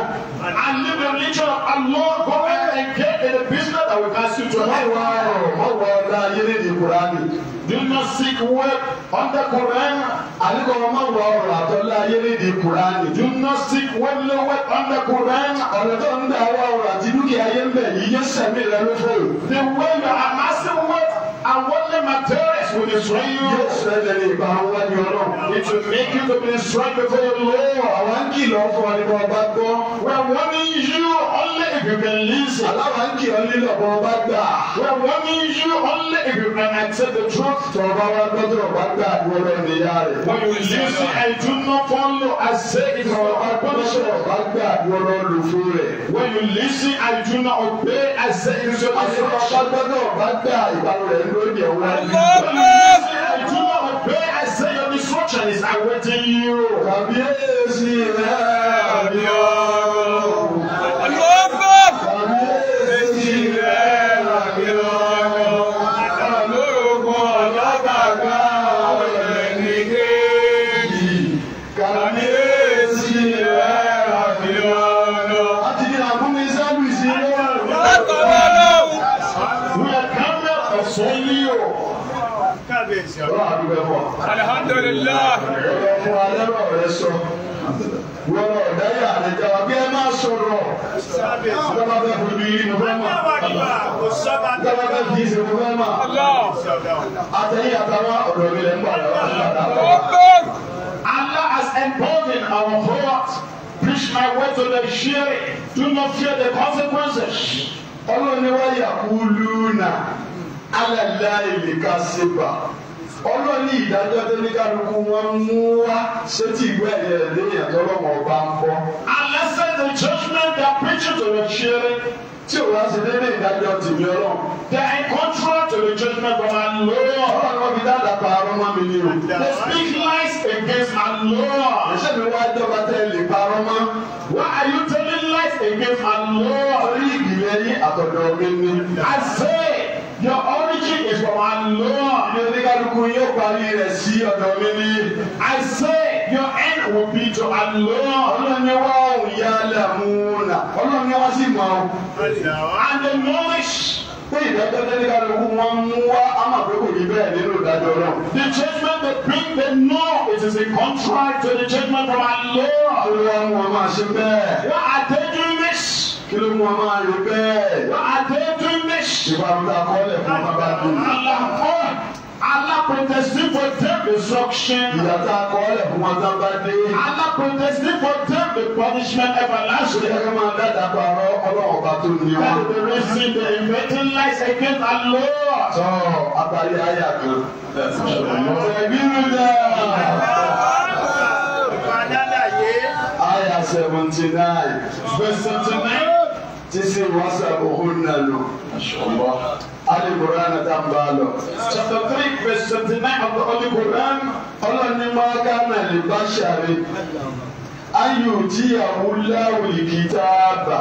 and live the religion and Lord go ahead and get in the business that will cast you to hell. wọ́n wá ọ̀rọ̀ wọ́n wọ do not seek wealth under Quran àlùkò ọmọ wọ ọ̀rọ̀ àtọlá ayélujáde Quran do not seek wealth no wealth under Quran ọ̀rọ̀ tó ń dà wọ ọ̀rọ̀ àti dúkìá yẹn bẹ yìí yẹn sẹmí rẹ ló fẹ o. the you are amassing wealth and worldly material to destroy you. yóò ṣẹlẹ̀ lè bá wá it will make you to be destroyed before your Lord. àwa ń kìlọ̀ fún ọ ní bọ́ ọba we are warning you only if you can listen. aláwa ń kìlọ̀ lílọ̀ bọ́ ọba gbà. we are warning you only if you can accept the truth. tọ́ba wa gbọ́dọ̀ ọba gbà wọlé ìyá rẹ̀. when you listen and do not follow I say it for our punishment. ọba gbà wọlé olùfún rẹ̀. when you listen and do not obey as say it for our punishment. ọba gbọ́dọ̀ ọba gbà ìbára rẹ̀ lóde ọ̀wá. Do not obey. I say your destruction is awaiting you. sọ
wọn lọ àlejò àbí máa
sọ̀rọ̀ ìjọba bẹ fún mi mo fẹ́ mọ̀ ìjọba bẹ fi ṣe mo
àtẹ̀yìn àtàwọn ọ̀dọ́ mi lẹ́ ń bọ̀ lọ́wọ́.
Allah has emboldened our heart. Preach my word to the sheer. Do not fear the consequences. Ọlọ́run ni wọ́n yà kú lúnà. Alẹ́ láì lè ká sí bá ọlọ́ọ̀ni ìdájọ́ tó wọn mú wá sétí ìwé ẹ̀yẹ lẹ́yìn àtọ́lọ́mọ ọba ń kọ́. Unless the judgment that preacher to the children. Tí o wá sí dédé ìdájọ́ tìbí ọlọ́run. They are contrary to the judgment of our Lord. Ọlọ́run fi dáadáa pa arọ́ mọ́ mi ni o. They speak lies against our Lord. Ẹ̀ṣẹ̀ mi wá jọba tẹ́ lè pa arọ́ mọ́. Why are you telling lies against our Lord? Orí ìgbìlẹ̀ yín àtọ̀dọ̀ mi ni. I say. parí rẹ̀ sí ọ̀dọ̀ mi ni I say your end will be to Allah ọlọ́ni wá òòyà lẹ́múnà ọlọ́ni wá sí mọ́ and the knowledge pé ìdájọ́ tẹ́lẹ̀ kárí kú wọ́n mú wá amábẹ́kù yìí bẹ́ẹ̀ nínú ìdájọ́ náà. the judgment they bring they know it is a contract to the judgment from Allah. olúwa mú wọn máa ṣe bẹ́ẹ̀. wọ́n àtẹ́jú mẹ́sì kí ló mú ọ máa rí bẹ́ẹ̀. àti ojú méjì. ìwà àbúrò àkọọ́lẹ̀ fún bàbá àdúgbò. Alápètèsí for them destruction. Ìyàtọ̀ akọọ́lẹ̀ fún wọn tán for them the punishment everlasting. Ẹ̀ka máa dáadáa pààrọ̀ ọlọ́run ọba tó ní wọn. That the reason they inventing lies against our Lord. Sọ abali aya kan. Ṣèbí mi dá. Aya seventy nine. Verse seventy nine. Tí sì wá sàbò hún nà lò. Ṣọlá ali quran ta n bá lọ. chapter three verse twenty nine of the holy quran ọlọ́ni máa ká náà lè bá ṣàrí. ayò tí àwọn láwìlì kìtàbà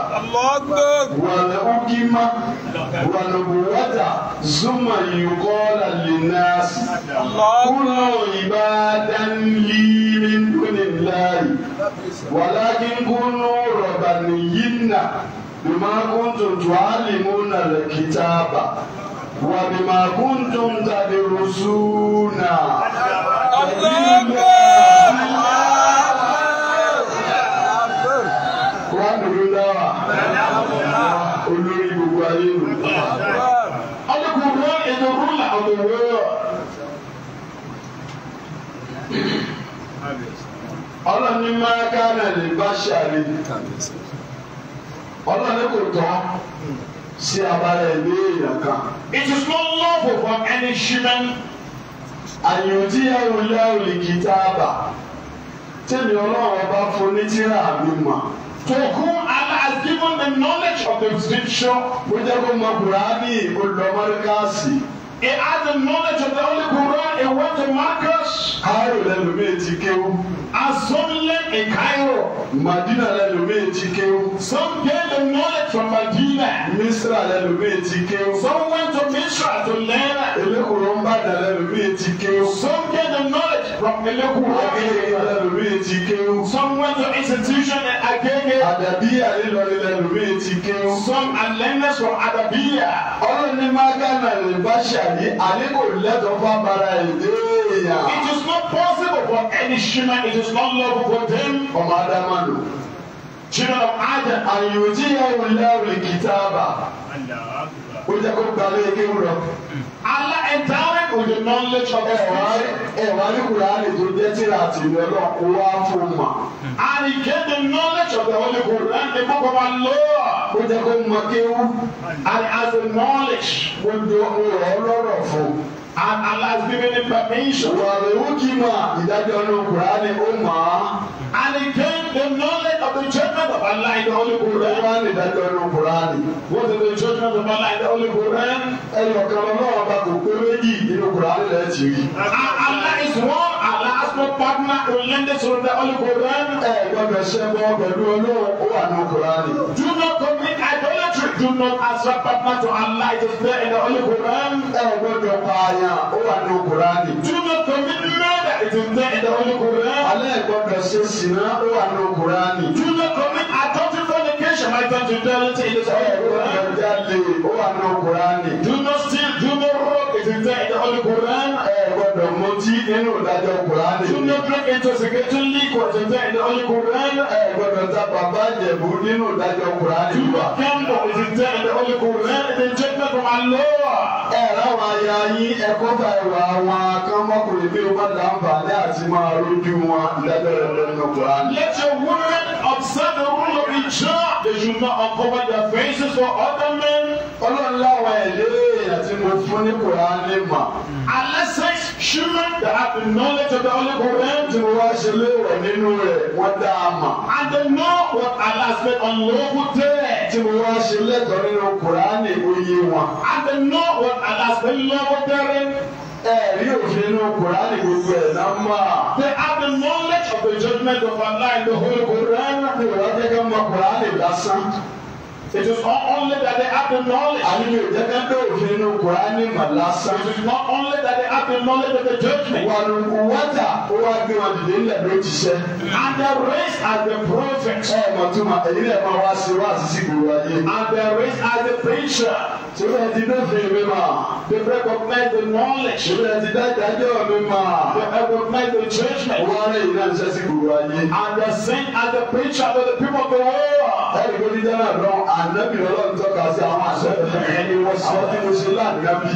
wàlẹ̀ ọ̀kìmá wàlẹ̀ bùwátà zuma yòókọ́ lálẹ́ náà sí. kúlọ̀ ìbàdàn lími dúnìláyì wàlákínkùnú rọ̀bàníyìn náà bima kuntum tuallimuna alkitaba wa bima kuntum tadrusuna. wọ́n dùdú dáwà olórí gbogbo ayé nù. ọdún is the ruler of the world. ọlọ́ni máa kánà lè bá ṣàlè ọlọ́run kò tọ́ sí abalẹ̀ ilé èèyàn it is not lawful for any human. àyùntí ẹ̀wùlẹ̀ òlìkì tá a bà tẹ̀lé ọlọ́run ọba fún ní tíra mi mọ̀. to whom Allah has given the knowledge of the scripture. mo jẹ́ kó mọ Kùránì olùdọ́mọ́ríkàsì. He had the knowledge of the Holy Quran He went to Marcus. Cairo lẹ́lòmíì ti kéwú. And some learned in Cairo. Madina lẹ́lòmíì ti kéwú. Some gained the knowledge from Madina. Misra lẹ́lòmíì ti kéwú. Some went to Misra to learn. Elekoro ń bàdàn lẹ́lòmíì ti kéwú. Some from Eleku. Some went to institution in Agége. Àdàbíyà Some are learners from Àdàbíyà. Ọlọ́run ní Mákànà lè It is not possible for any human, it is not lawful for them. from Ádámà Children of Adam. Àyùjí ẹ̀wùn lẹ́rù kìtàbà. Allah ó jẹ́ kó gba lé eke wúrọ. Allah endowed with the knowledge of his word. Ẹ̀wá ní Kùránì tó jẹ́ tíra àti ìlú ọlọ́run kó wá fún un mà. And he gave the knowledge of the Holy Quran the book of Allah. Ó jẹ́ kó mọ kéwú. And as a knowledge. Gbogbo ọ̀rọ̀ ọlọ́rọ̀ fún un. And Allah has given him permission. Wàrẹ̀ wúkì mà ìdájọ́ ọ̀nà Kùránì ó mà á. And he gave The knowledge of the judgment of Allah in the Holy Quran. Wọ́n ní ìdájọ́ inú Kùránì. What is the judgment of Allah in the Holy Quran? Ẹyọ̀kan náà bá kò pé méjì inú Kùránì lẹ́ẹ̀ ti rí. Ah, Allah is one, Allah has no partner who lended to the Holy Quran. Ẹ gbọ́dọ̀ ṣe bọ́ pẹ̀lú olóhùn ó wà ní Kùránì. Do not commit idolatry. Do not ask a partner to Allah. It is there in the Holy Quran. Ẹ gbọ́dọ̀ pààyàn Oh, wà ní Quran! Do not commit tùtẹ́ ìdánwòkúrẹ́. alẹ́ gbọ́dọ̀ ṣe sìnà ó wà ní Kùránì. júlọ kọ́mí àtọ́tí fornication máa jọ tùtẹ́ ọlọ́tí ilé tó yẹ kúrẹ́. ọ̀rọ̀ ìjà lè ó wà ní Kùránì. júlọ still júlọ rock tùtẹ́ ìdánwòkúrẹ́. ẹ gbọ́dọ̀ mutí nínú ìdájọ́ Kùránì. júlọ drink intoxicating liquor tùtẹ́ ìdánwòkúrẹ́. ẹ gbọ́dọ̀ ta bàbá jẹ̀bú nínú ìdájọ́ Kùránì. júlọ kẹ́ńdọ̀ tùtẹ́ ìdánwòkúrẹ́ ẹ ráwọn aya yín ẹkọ bá ẹwà wọn kán mọkùnrin bí wọn dà ń fàdé àti máa lójú wọn lẹ́bẹ̀rẹ̀ lẹ́nu Kùránì. Let your women observe the rule of hijab. They should not uncover their faces for other men. Ọlọ́run wa ẹ̀lẹ́ àti mo fún ní Kùránì mà. Alẹ́ sẹ́yìn children that have the knowledge of the Holy Quran. Tí wọ́n ṣe léwọ̀ nínú rẹ̀, wọ́n dá a mọ̀. And they know what Allah has made unlawful there. Tí wọ́n ṣe lẹ́tọ̀ọ́ nínú Kùránì, ó yé wọn. And they know what Ẹ̀rí òfin Kùránì gbogbo ẹ̀ náà mọ̀. They have the knowledge of the judgment of Allah in the whole Quran. Kùránì kò wá jẹ́ ká mọ̀ Kùránì lásán. It is not only that they have the knowledge. Àyìnbó ìjẹ́kẹ́ pé òfin inú Kùránì mà lásán. It is not only that they have the knowledge of the judgment. Wàlúùkù wọ́tà ó wá gbé wọn dìde nílẹ̀ ló ti And they raised as the prophet. Ẹ mọ̀ tó ma èyí lè máa wá sí wá sí ìgbòho ayé. And they raised as the preacher. Sọ́dọ̀ ẹ ti dófin mi mà. They recognize the knowledge. Sọ́dọ̀ ẹ ti dájọ́ mi mà. They recognize the judgment. Wọ́n rẹ̀ yìí náà ṣẹ́ sí ìgbòho ayé. And they sing as the preacher to the people of the world. Ẹ ànábì ọlọ́run tọ́ka sí àwọn àṣẹ ẹni wọ́n sọ àwọn mo ṣe láàbí.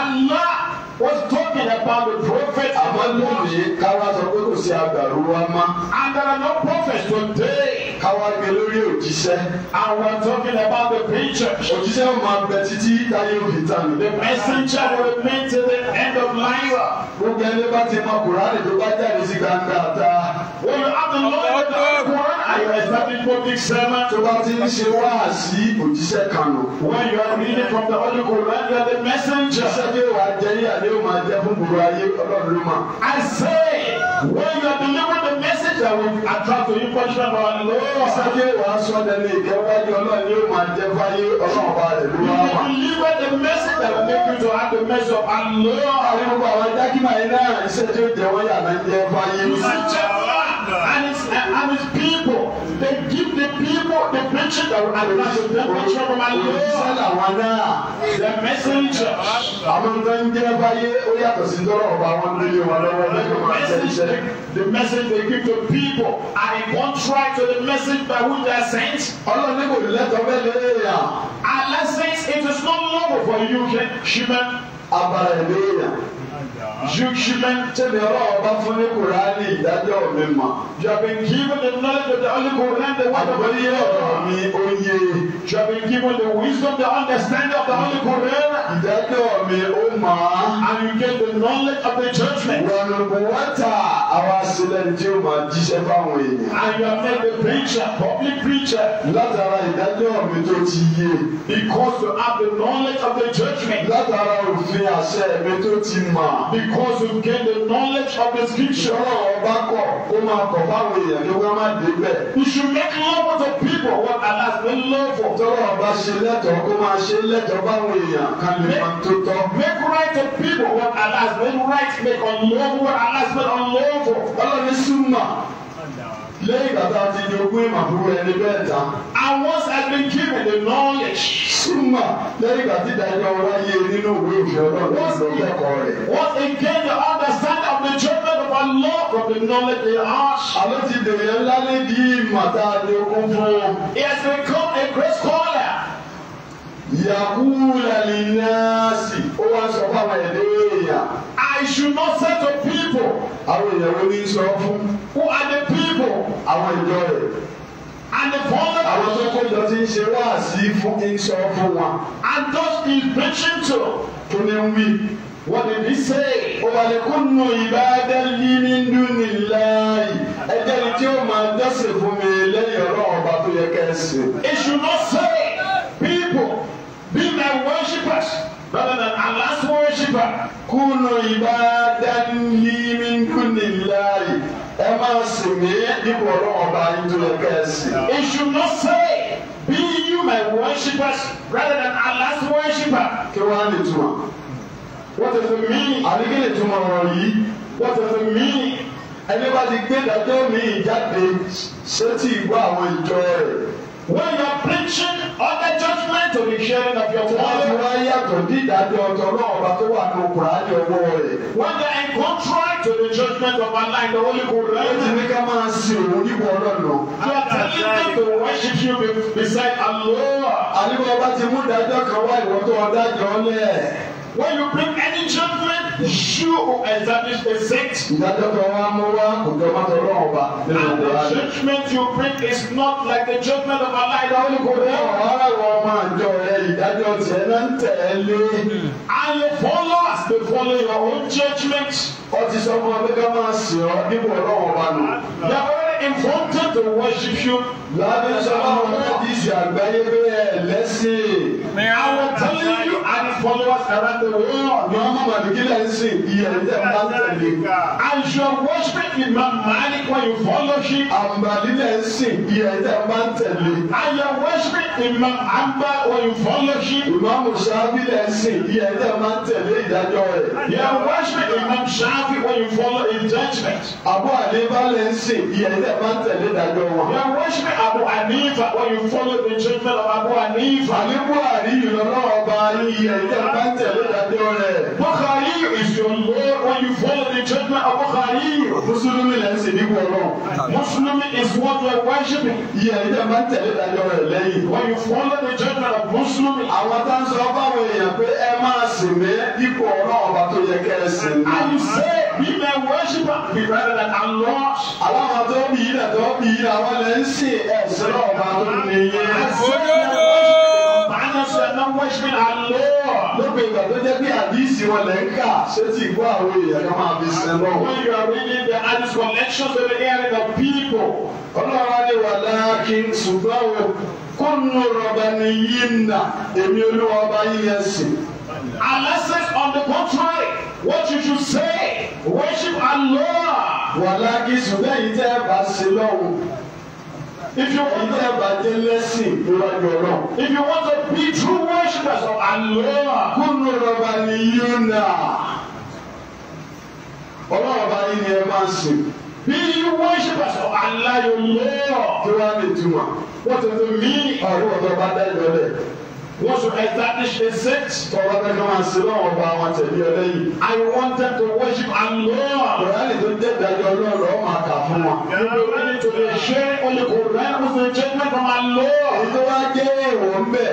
Allah was talking about the prophet. àmọ́ lónìí káwá sọ pé kò sí agbàrú wa mọ́. and there are no prophets today. káwá gbé lórí òjíṣẹ́. and we are talking about the preacher. òjíṣẹ́ ò máa bẹ títí táyé òbí tán. the messenger will remain till the end of life. gbogbo ẹni bá ti mọ kùránì tó bá jáde sí gbangba ta. we will have establish public sermon. tó bá ti ń ṣe wáàsí òjíṣẹ́ kanu. when you are reading from the Holy Quran you are the messenger. sẹ́dí wàá jẹ́ yíyá ni ó máa jẹ́ fún gbogbo ayé ọlọ́run ló mọ̀. I say when you are delivering the message that will attract to you punishment of our Lord. sẹ́dí wàá sọ lẹ́nu ìkẹ́wájú ọlọ́run ni máa jẹ́ fáyé ọlọ́run bá rẹ̀ ló wá wà. you deliver the message that will make you to have the message of our Lord. àwọn gbogbo àwọn jákèmá yìí náà iṣẹ́ tí ó jẹ́ wọ́n yà máa ń jẹ́ fáyé. and it's, uh, and it's people give the people the preaching that will advance the preaching of my Lord. Òṣìṣẹ́ làwọn náà. The messenger. Àwọn tó ń jẹ́ báyé ó yàtọ̀ sí dọ́rọ̀ ọba wọn lórí wọn lọ́wọ́ lẹ́nu máa ṣe The message they give to people are in contrast to the message by which they are sent. Ọlọ́run ní kò lẹ́tọ̀ọ́ bẹ́ẹ̀ lóye yà. it is not normal for you human. Abala ìbéèrè judgment tẹ̀lé ọlọ́wọ́ bá fún ní kùránì ìdájọ́ mi mọ̀. you have been given the knowledge of the holy Quran the word of God. àgbẹ̀yẹ ọ̀rọ̀ mi oyè. you have been given the wisdom the understanding of the holy Quran. ìdájọ́ mi ó mọ̀. and you get the knowledge of the judgment. wọ̀nùkù wọ́tà àwọn aṣèlérí ó máa jíṣẹ́ fáwọn èèyàn. and you are made a preacher public preacher. látara ìdájọ́ mi tó ti yé. because you have the knowledge of the judgment. látara òfin àṣẹ mi tó ti mọ̀. because because you get the knowledge of the scripture. ọ̀rọ̀ ó máa kọ̀ báwo èèyàn ni wọ́n máa dé bẹ́ẹ̀. you should make love to people what Allah has been love for. tọ́wọ́ ọba ṣe lẹ́tọ̀ọ́ kó máa ṣe lẹ́tọ̀ọ́ báwo èèyàn kan máa tó tọ́. make right to people what Allah has been right make unlove what Allah has been unlove for. ọlọ́ni súnmọ́ lẹ́yìn ìgbà tá a ti jogún ìmọ̀ àbúrò ẹni bẹ́ẹ̀ ta. and once I been given the knowledge. súnmọ́ lẹ́yìn ìgbà tí ìdájọ́ ọlá yé nínú òwe òfin ọlọ́run ló ń lọ́kọ̀ rẹ̀. once again the understanding of the children of law from the knowledge they are. àlọ́ ti dèrè ńlá lé di ìmọ̀ tá a jogún fún. he has become a great scholar. Yàkúlà lè náàsì. Ó wá sọ fáwọn ẹ̀dẹ́ èèyàn. I should not say to people. Àwọn èèyàn wo ni sọ fún? Who are the people? àwọn ìjọ rẹ̀. And the father. Àwọn tó kó jọ ti ń ṣe wáàsí fún ìṣọ́ fún wa. And thus he is preaching to. Tó ní wí. What did he say? O, wà ní kúnnù ìbádẹ́lí ní dúnì láàyè. Ẹjẹ́ ni tí ó máa dẹ́sẹ̀ fún mi lẹ́yìn ọ̀rọ̀ ọba tó yẹ kẹ́sì. It should not say people be my worshippers rather than our Allah's worshipper. Kúnnù ìbádẹ́lí ní dúnì láàyè ẹ máa sìn mí nípò ọlọ́run ọba yín tó yẹ ká ẹ sìn. it should not say be you my worshippers rather than "Our last worshipper. kí wọ́n á lè túmọ̀ wọ́n ti fi mí àdéhùn lè túmọ̀ ọ̀rọ̀ yìí wọ́n ti fi mí ẹni bá ti gbé ìdájọ́ mi jáde sétí ìgbọ́ àwọn ìjọ rẹ̀. when you are preaching other judgment to the sharing of your word. wọ́n ti wá yàtọ̀ dídájọ́ ọ̀tọ̀ náà ọba tó wà ní okùnrin àjọ ọwọ́ rẹ̀. when they encounter to the judgment of Allah in the Holy Quran. Ó ti ní ká máa sin òun níbo ọlọ́run. You are telling them to worship you beside Allah. Àníbọ̀ bá ti mú dájọ́ kan wá ìwọ́n tó ọ̀dájọ́ lẹ̀. When you bring any judgment you who establish a saint. and the judgment you bring is not like the judgment of Allah. ìdájọ́ and you follow us they follow your own judgment. they are already invited to worship you. lábẹ́ sọ́kọ́ ọ̀hún ti followers around the world. Ní ọmọ màmí kí lè ṣe ìyẹ̀lẹ̀ tẹ̀ bá tẹ̀lé. As you are worshiping Imam Malik when you follow him. Àǹbàlí lè ṣe ìyẹ̀lẹ̀ tẹ̀ bá tẹ̀lé. As you are worshiping Imam Ahmad when you follow him. Imam Shafi lè ṣe ìyẹ̀lẹ̀ tẹ̀ bá tẹ̀lé ìdájọ́ You are worshiping Imam Shafi when you follow in judgment. Abu Hanifa lè ṣe ìyẹ̀lẹ̀ tẹ̀ bá tẹ̀lé That You are worshiping Abu Hanifa when you follow the judgment of Abu Hanifa. Àníkú àríyìn lọ́wọ́ ọba ayé ìyẹ̀lẹ̀ Bukhari is your Lord when you follow the judgment of Bukhari. Mùsùlùmí is what you worshiping. When you follow the judgment of Mùsùlùmí. Àwọn tá ń sọ báwo And you say be my worshiper be better than Allah. Àwọn àwọn tó bí ilẹ̀ tó bí ilẹ̀ àwọn lẹ́yìn sìn ẹ̀sìn ọba tó lópin ìgbà tó jẹ́ pé àdìsí wọn lẹ̀ ń kà ṣé ti gbọ́ àwọn èèyàn kan máa fi sin lọ. when you are reading the hadith collection to the hearing of people. ọlọ́run ni wà láàkì ṣùgbọ́n o kó nù rọ̀bà ni yìí nà èmi olúwa ọba yìí yẹn sìn. Allah says on the contrary what you should say worship Allah. wà láàkì ṣùgbọ́n èyí tẹ́ ẹ bá ṣe lọ́wọ́. If you want to bàjẹ́ lẹ́sìn níwájú ọlọ́run. If you want to be true worshippers of Allah. Kúnnù rọ̀bà ni yóò nà. Ọlọ́run bá yín ni ẹ máa ń sìn. Be you worshippers of Allah your Lord. Kí wàá lè túmọ̀? Wọ́n ti fi mí ọ̀rọ̀ ọ̀dọ́ bá dá ìrọ̀lẹ́. Once you establish a sect. Tọ́wọ́ bẹ́ẹ̀ kí wọ́n ṣe lọ́wọ́ bá wọn tẹ̀lé ọ lẹ́yìn. I want them to worship Allah. Bọ̀dá lè tó dé ìdájọ́ ọlọ́run ọmọ àkà fún wọn. Bẹ́ẹ̀ni shay'un al-Qur'an min jannatikum Allah. Ètò wa jẹ́ èèwọ̀ ń bẹ̀,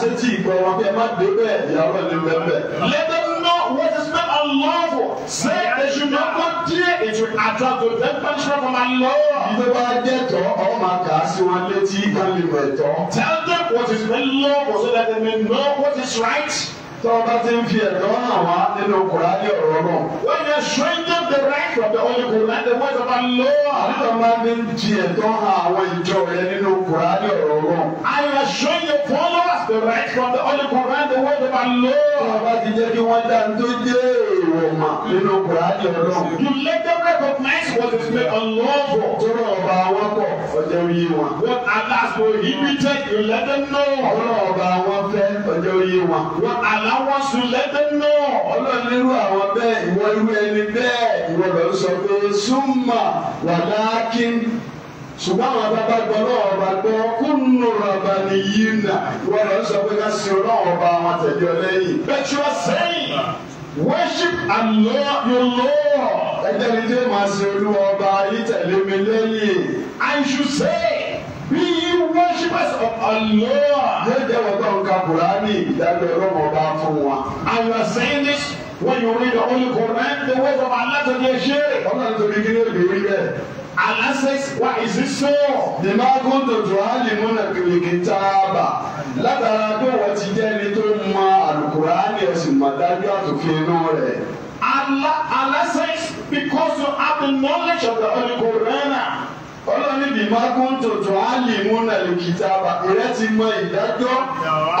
ṣe tí ìgbọ̀ wọn bí ẹ má dé bẹ́ẹ̀ ìyàwó ẹ̀ ló bẹ́ẹ̀ bẹ́ẹ̀. Let them know what is not unlawful. Say they should not go there, it will attract the death punishment from Allah. Ìtò wa jẹ́ tọ́ ọ máa kà á sí wọn létí kálí mọ̀ ẹ̀tọ́. Tell them what is unlawful so that they may know what is right tí wọn bá ti ń fi ẹ̀dọ́ hàn wá nínú Kùránì ọ̀rọ̀ náà. when you stranger the right from the holy Quran the voice of Allah. nígbà máa ń di ẹ̀dọ́ hàn àwọn ìjọ rẹ nínú Kùránì ọ̀rọ̀ náà. I am showing your followers the right from the holy Quran the voice of Allah. tí wọn bá ti jẹ́ kí wọ́n dá
ní tó jẹ́ èrò
mà nínú Kùránì ọ̀rọ̀ náà. you let them Recognize what is made unlawful. Tọ́lá ọba wọn kọ̀ ọjọ́ yé wọn. What Allah prohibited you let them know. Tọ́lá ọba wọn fẹ́ ọjọ́ yé wọn. What Allah wants you let them know. Ọlọ́run irú àwọn bẹ́ẹ̀ ìwọ irú ẹni bẹ́ẹ̀ ìwọ lọ sọ pé súnmà wàlákìn ṣùgbọ́n àwọn bàbá gbọ́ lọ́wọ́ bá gbọ́ kúnnù rọ̀bà nìyí nà ìwọ lọ sọ pé ká sin ọlọ́wọ́ bá wọn tẹ̀lé ọ lẹ́yìn. But you are saying worship Allah your Lord ẹjẹni tí màá ṣe olúwa ọba yìí tẹ̀lé mi lẹ́yìn. I should say be you worshippers of Allah. yóò jẹ́ wọ́n tó ń ka ìdájọ́ ọlọ́mọ ọba fún wa. I was saying this when you read the Holy Quran the words of Allah to dey share. ọlọ́run tóbi kí ló lè rí bẹ́ẹ̀. Allah says, why is this? so? Bímá kún tuntun alimuna kìlìkì tábà. Látara pé wọ́n ti jẹ́ ẹni tó mọ àlùkùránì ẹ̀sìn mọ̀dájú àtòfin inú rẹ̀. Allah Allah says because you have the knowledge of the Holy Quran. Ọlọ́run ní bímọ kún tòtò àlìmúnà lìkìtàbà ìrẹ́ ti mọ ìdájọ́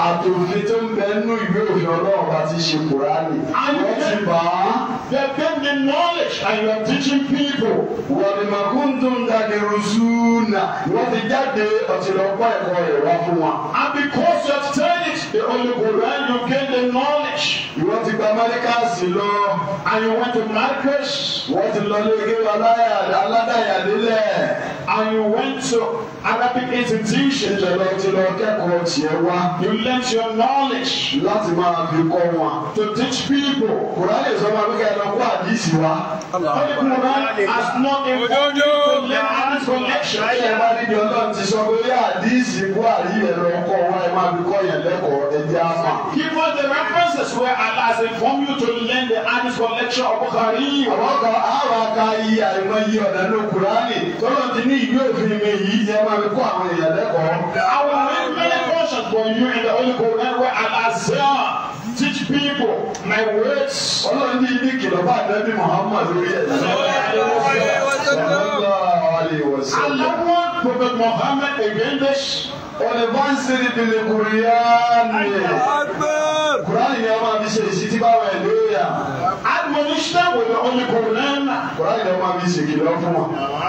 àtòfin tó ń bẹ nínú ìwé òfin Ọlọ́run bá ti ṣe Kùránì. Wọ́n ti bá a. They get the knowledge and you are teaching people. Wọ́n ní Màkúntò ń dàdé Rùsúnà. Wọ́n ti jáde ọ̀tí lọ́pọ̀ ẹ̀kọ́ rẹ̀ wá fún wa. And because you have it. The you gain the knowledge. you Ìwọ́n to gba Mẹ́ríkàsì lọ. And you went to Marcus. what ti lọ lé gé aládàáyà nílẹ̀. And you went to Arabic institutions, Ìjọba ti You learned your knowledge. Láti máa fi kọ́ wọn. To teach people. Quran yóò sọ ma wíkẹ́ ẹ̀ lọ kó Quran has not informed you to connection. bá dídì ọlọ́run ti sọ pé àdìsí buhari yẹn lọ kọ́ wa ẹ máa fi kọ́ yẹn lẹ́kọ̀ọ́ ẹ̀jẹ̀ á give us the references where Allah has informed you to learn the hadith collection of Bukhari. àwọn kan àwọn aka iye àìmọ̀ iye ọ̀nà ní Kùránì tọ́lọ́ ti ní ìwé òfin mi yìí yẹn máa fi kọ́ àwọn èèyàn lẹ́kọ̀ọ́. àwọn many functions for you in the Holy Quran where Allah said teach people my words. ọlọ́run ní ibi kìlọ̀ bá àdébí Muhammad lórí ẹ̀. sọ́wọ́n ẹ̀ lọ́wọ́ ẹ̀ alaihi wasallam. Allah Prophet Muhammad egendeş Olivan seri bile kuruyan Kur'an inanma bir şey sitiba ve diyor ya Admonishta with the Holy Quran Kur'an inanma bir şey kilo fuma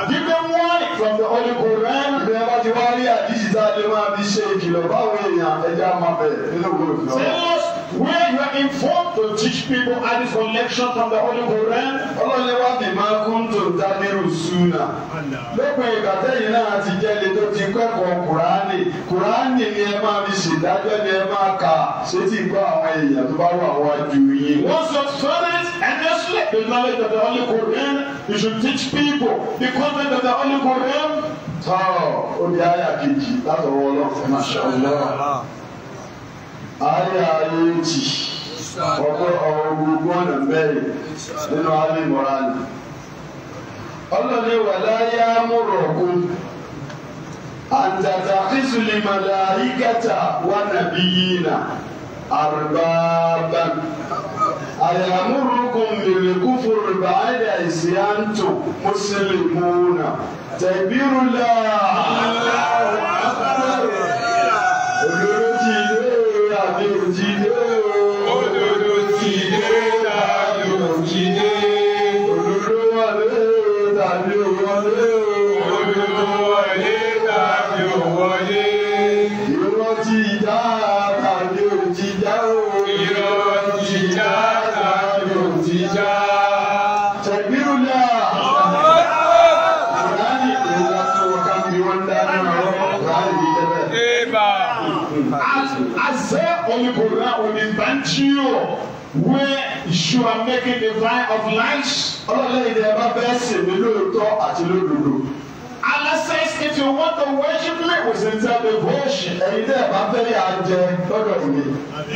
Give them warning from the Holy Quran Ibn Bati Wari Adisi Talima bir şey kilo Bawo yẹn ya ẹja ma bẹ nínú gbòòrò fún ọ where you are informed to teach people this collection from the Holy Quran. ọlọ́ni wá fi máa kún tó dánirù súnà. lópin ìgbà tẹ́yìn náà ti jẹ́lé tó ti kẹ́kọ̀ọ́ kùránì kùránì ni ẹ máa fi ṣèdájọ́ ni ẹ máa kà sétí gbọ́ àwọn èèyàn tó bá wà wájú yín. once your students endlessly the knowledge of the Holy Quran you should teach people the content of the Holy Quran. tọ́
ọ ó di àyà kejì látọwọ́ ọlọ́run ayé ayé jì ọgbọ́n ọgbọ́n ọ̀nà mẹ́rin nínú
alẹ́ ìmọ̀ránì ọlọ́ni wà láyé amúrọ̀kún àǹtàtà ìsúlẹ̀mọ̀lá ìkẹta wà nàbí yìí nà àrùbáàbá àyàmúrùkún bèrè kúfòrò báyìí àìsí àǹtò mùsùlùmí nà tẹ̀bírùlá. you are making the vine of lies. ọlọ́lẹ́yìn ni ẹ bá bẹ́ẹ̀ sìn mí lóòótọ́ àti lódodo. Allah says if you want to worship me with sincere devotion. ẹ̀yin tẹ́ ẹ̀ bá fẹ́ yà lọ́dọ̀ mi.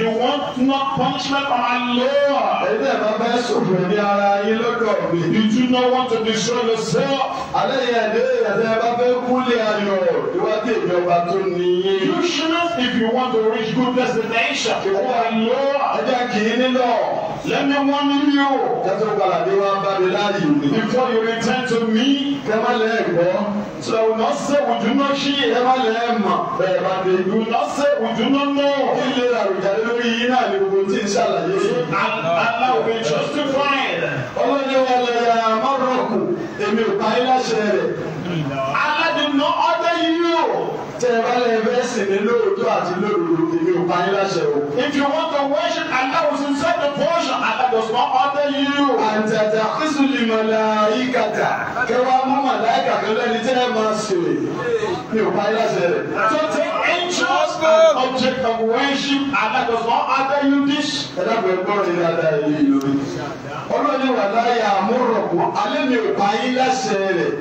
you want not punishment from our Lord. ẹ̀yin tẹ́ ẹ̀ bá fẹ́ sòfò ní ara yín lọ́dọ̀ mi. you do not want to destroy yourself. alẹ́ yẹn dé ẹ̀dẹ́ ẹ bá fẹ́ kúlẹ̀ ayọ̀ ìwádìí ìjọba tó níyìn. you should if you want to reach good destination. ìwọ àlọ́ ẹ̀jẹ̀ kì í nílò. Let no one know you. Kẹ́tọ́ gbàlàdé wa bá mi láàyè. Before you return to me. Kẹ́má lẹ́ ẹ̀gbọ́. So I will not say we do not ṣí ẹ má lẹ́ ẹ̀ mọ̀. Bẹ́ẹ̀ bá dé. You will not say we do not know. Kí lè àròjà lórí yín náà ni gbogbo tí ń ṣàlàyé. Allah will be justified. wa lọ ya Márùkù. Èmi ò parí láṣẹ rẹ̀. Allah did not order you. Tẹ̀ bá lẹ fẹ́ sìn ní lóòótọ́ àti lóòótọ́. If you want to worship Allah with sincere devotion, Allah does not order you. Àtàtà kìsùlì màláìkàtà kẹwàá mú màláìkà kan lẹ́ni tẹ́ ẹ máa ṣe ní òpá You láṣẹ rẹ̀. So take angels and object of worship Allah does not order you this. Ẹ dábàá ẹgbọ́n rẹ̀ dáadáa yìí lórí. Ọlọ́run wà láyà àmúrọ̀kù alẹ́ mi òpá yín láṣẹ rẹ̀.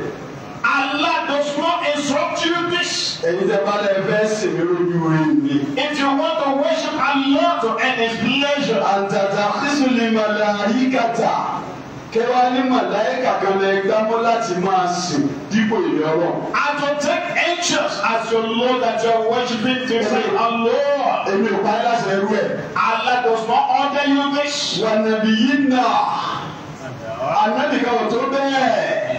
Allah does not instruct you this. Ẹni tẹ́ bá lẹ fẹ́ sèmi lójú rẹ̀ ni. If you want to worship Allah to earn his pleasure. Àtàtà Bísúlì Màláyíkàtà kẹwàá ní màláyíkà kan lẹ gbámọ́ láti máa sìn dípò ìrọ̀rọ̀. And to take angels as your Lord that you are worshiping to say Allah. Èmi ò parí láti ẹrú ẹ̀. Allah does not order you this. Wà nàbí yín náà. Ànábìkan ò tó bẹ́ẹ̀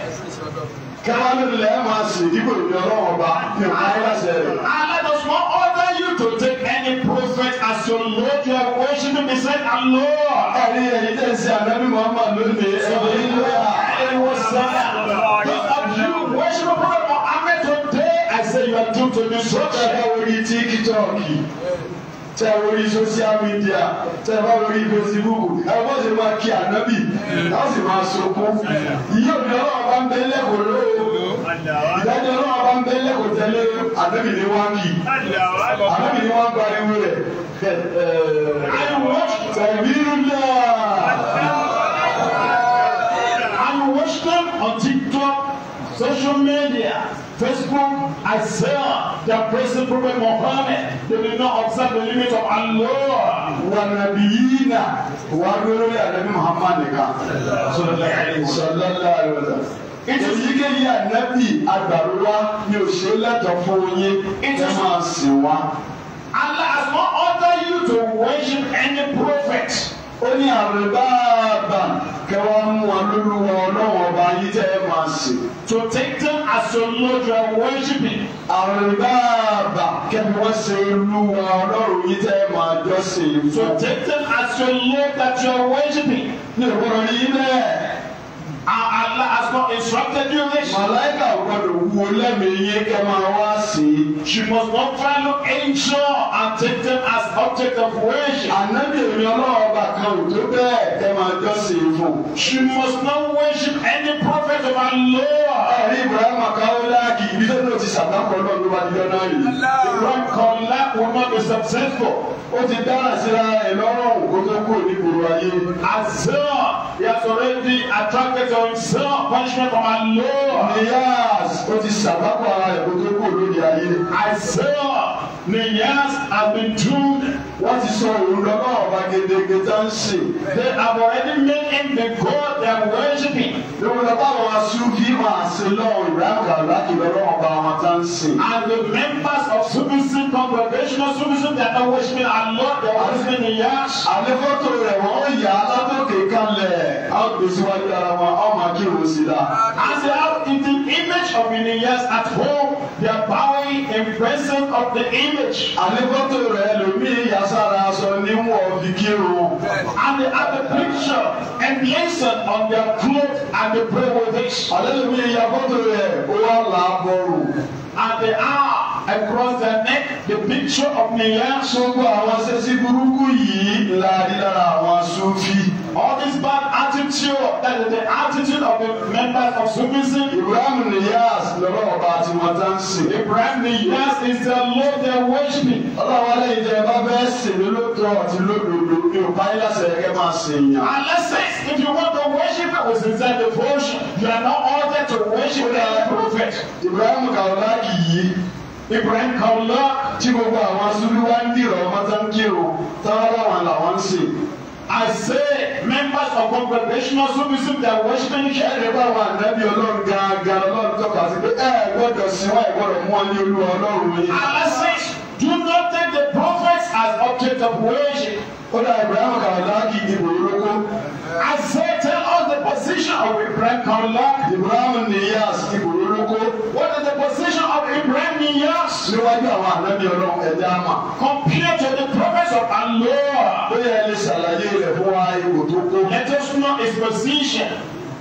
kẹ́wàá lẹ́ máa sì dípò ìwé ọba ní ayélujára rẹ̀. and I just want order you to take any prophet as your lord you are worshiping beside our lord. ẹ̀rí ẹ̀yí tẹ̀ sí ànábì Muhammad lónìí ẹ̀yí ló yà ẹ̀wọ̀ sábà. those of you worshiping prophet Muhammad today I say you are due to be so. ṣé ẹ wọ́n rí tí kìtọ́ọ̀kì tẹ orí social media tẹ bá orí Facebook ẹ wọ́n sì máa kí ànábì wọ́n sì máa sunkún ìyá òbí ọlọ́wọ́ bá ń bẹ lẹ́kọ̀ọ́ lóòó ìdájọ́ ọlọ́wọ́ bá ń bẹ lẹ́kọ̀ọ́ tẹ́lẹ̀ ànábì ni wọ́n kì í ànábì ni wọ́n gba ewu rẹ̀ tẹ̀bírú náà. I watched them on TikTok, social media. Facebook, I saw the present Prophet Muhammad, they did not observe the limit of Allah. والنبيين وأقولوا يا نبي محمد صلى الله عليه وسلم èyíkéyìí ànábì àgbàrúwá ni ò ṣe lẹ́tọ̀ọ́ fún yín ẹ máa sìn wá. Allah has not ordered you to worship any prophet ó ní àrùn báàbà kẹwàá mú wọn lólúwa ọlọ́run ọba yìí tẹ́ ẹ máa sè. to take them as your lord you are worshiping. àrùn báàbà wọn ṣe olúwa ọlọ́run yìí tẹ́ ẹ máa jọ́sìn. to take them as your lord that you are worshiping. ní ìwúrọ̀ yìí bẹ́ẹ̀. Allah has not instructed you this. Màláìkà gbọ́dọ̀ wo lẹ́mìíyé kẹ́ máa wá
sí.
She must not try to ensure and take them as object of worship. Ànábì èmi ọlọ́ọ̀bà kan ò tó bẹ́ẹ̀ kẹ́ máa jọ́sìn fún. She must not worship any prophet of Allah. Ẹ̀rí Ibrahim Akáwọ́lá kì í bí sẹ́nu ti ṣàtàkùn ọlọ́run ló wá ní ọ̀nà yìí. Ibrahim Kọ́lá will not be successful. Ó ti dára síra ẹ̀ lọ́rùn kó tó kúrò ní gbòòrò ayé. Àzọ́. He has already attracted to himself punishment from our Lord. Niyas ó ti ṣàbápọ̀ ara ẹ̀ kó tó kú lórí ayé. Isaiah Niyas has been doomed. what is sọ òun lọ́wọ́ ọba gedegbe tá ń They have already made him the God they are worshiping. Lórí ọba àwọn asúkì máa ṣe lọ́wọ́ ìrákà láti lọ́wọ́ ọba àwọn tá ń And the members of Subisin congregational Subisin that are worshiping our Lord they are worshiping Niyas. Àlefọ́tò rẹ̀ wọ́n yà á látòkè kalẹ̀ jókòó síwájú ara wọn as they are in the image of Ilyas at home they are bowing in presence of the image. àlékọ́tò rẹ̀ lómi ìyàsára aṣọ níwọ̀n fi and they have the picture and the ensign on their cloth and the prayer with it. àlẹ́ lómi ìyàkọ́tò rẹ̀ ó wà at the hour across the neck the picture of nìyẹn. sọ́gbà àwọn sẹ́sí burúkú yìí la rí lára àwọn Sufi. all this bad attitude that is the attitude of the members of Sufism. Ibrahim Niyas lọ́rọ̀ ọba àti wọn tá ń sìn. Ibrahim Niyas is the Lord they worship. ọlọ́wọ́lẹ́ ìjẹba bẹ́ẹ̀ sìn lólótọ́ àti lódodo mi ò pa yín láṣẹ ẹ máa if you want to worship with the devotion you are not ordered to worship the prophet. Ibrahim Kaulaki Ibrahim Kaula tí gbogbo àwọn Súlúwá ń dìrọ̀ ọmọ tá ń kírun táwọn I say members of congregational services that worshiping the Ẹ bá wa ànábì Ọlọ́run God, God, tọ́ka talk as if, eh, what does ẹ want? What wọn ní Olúwa Ọlọ́run yìí. Allah says do not take the prophets as object of worship kódà Ibrahim Kalaki ìbò olóko. I say tell us the position of Ibrahim Kalaki. Ibrahim Niyas ìbò olóko. What is the position of Ibrahim Niyas? Níwájú àwọn ànábì ọlọ́run ẹ̀dá àmà. Compared to the promise of Allah. Bóyá ẹni ṣàlàyé rẹ̀ fún wa ipò Let us know his position.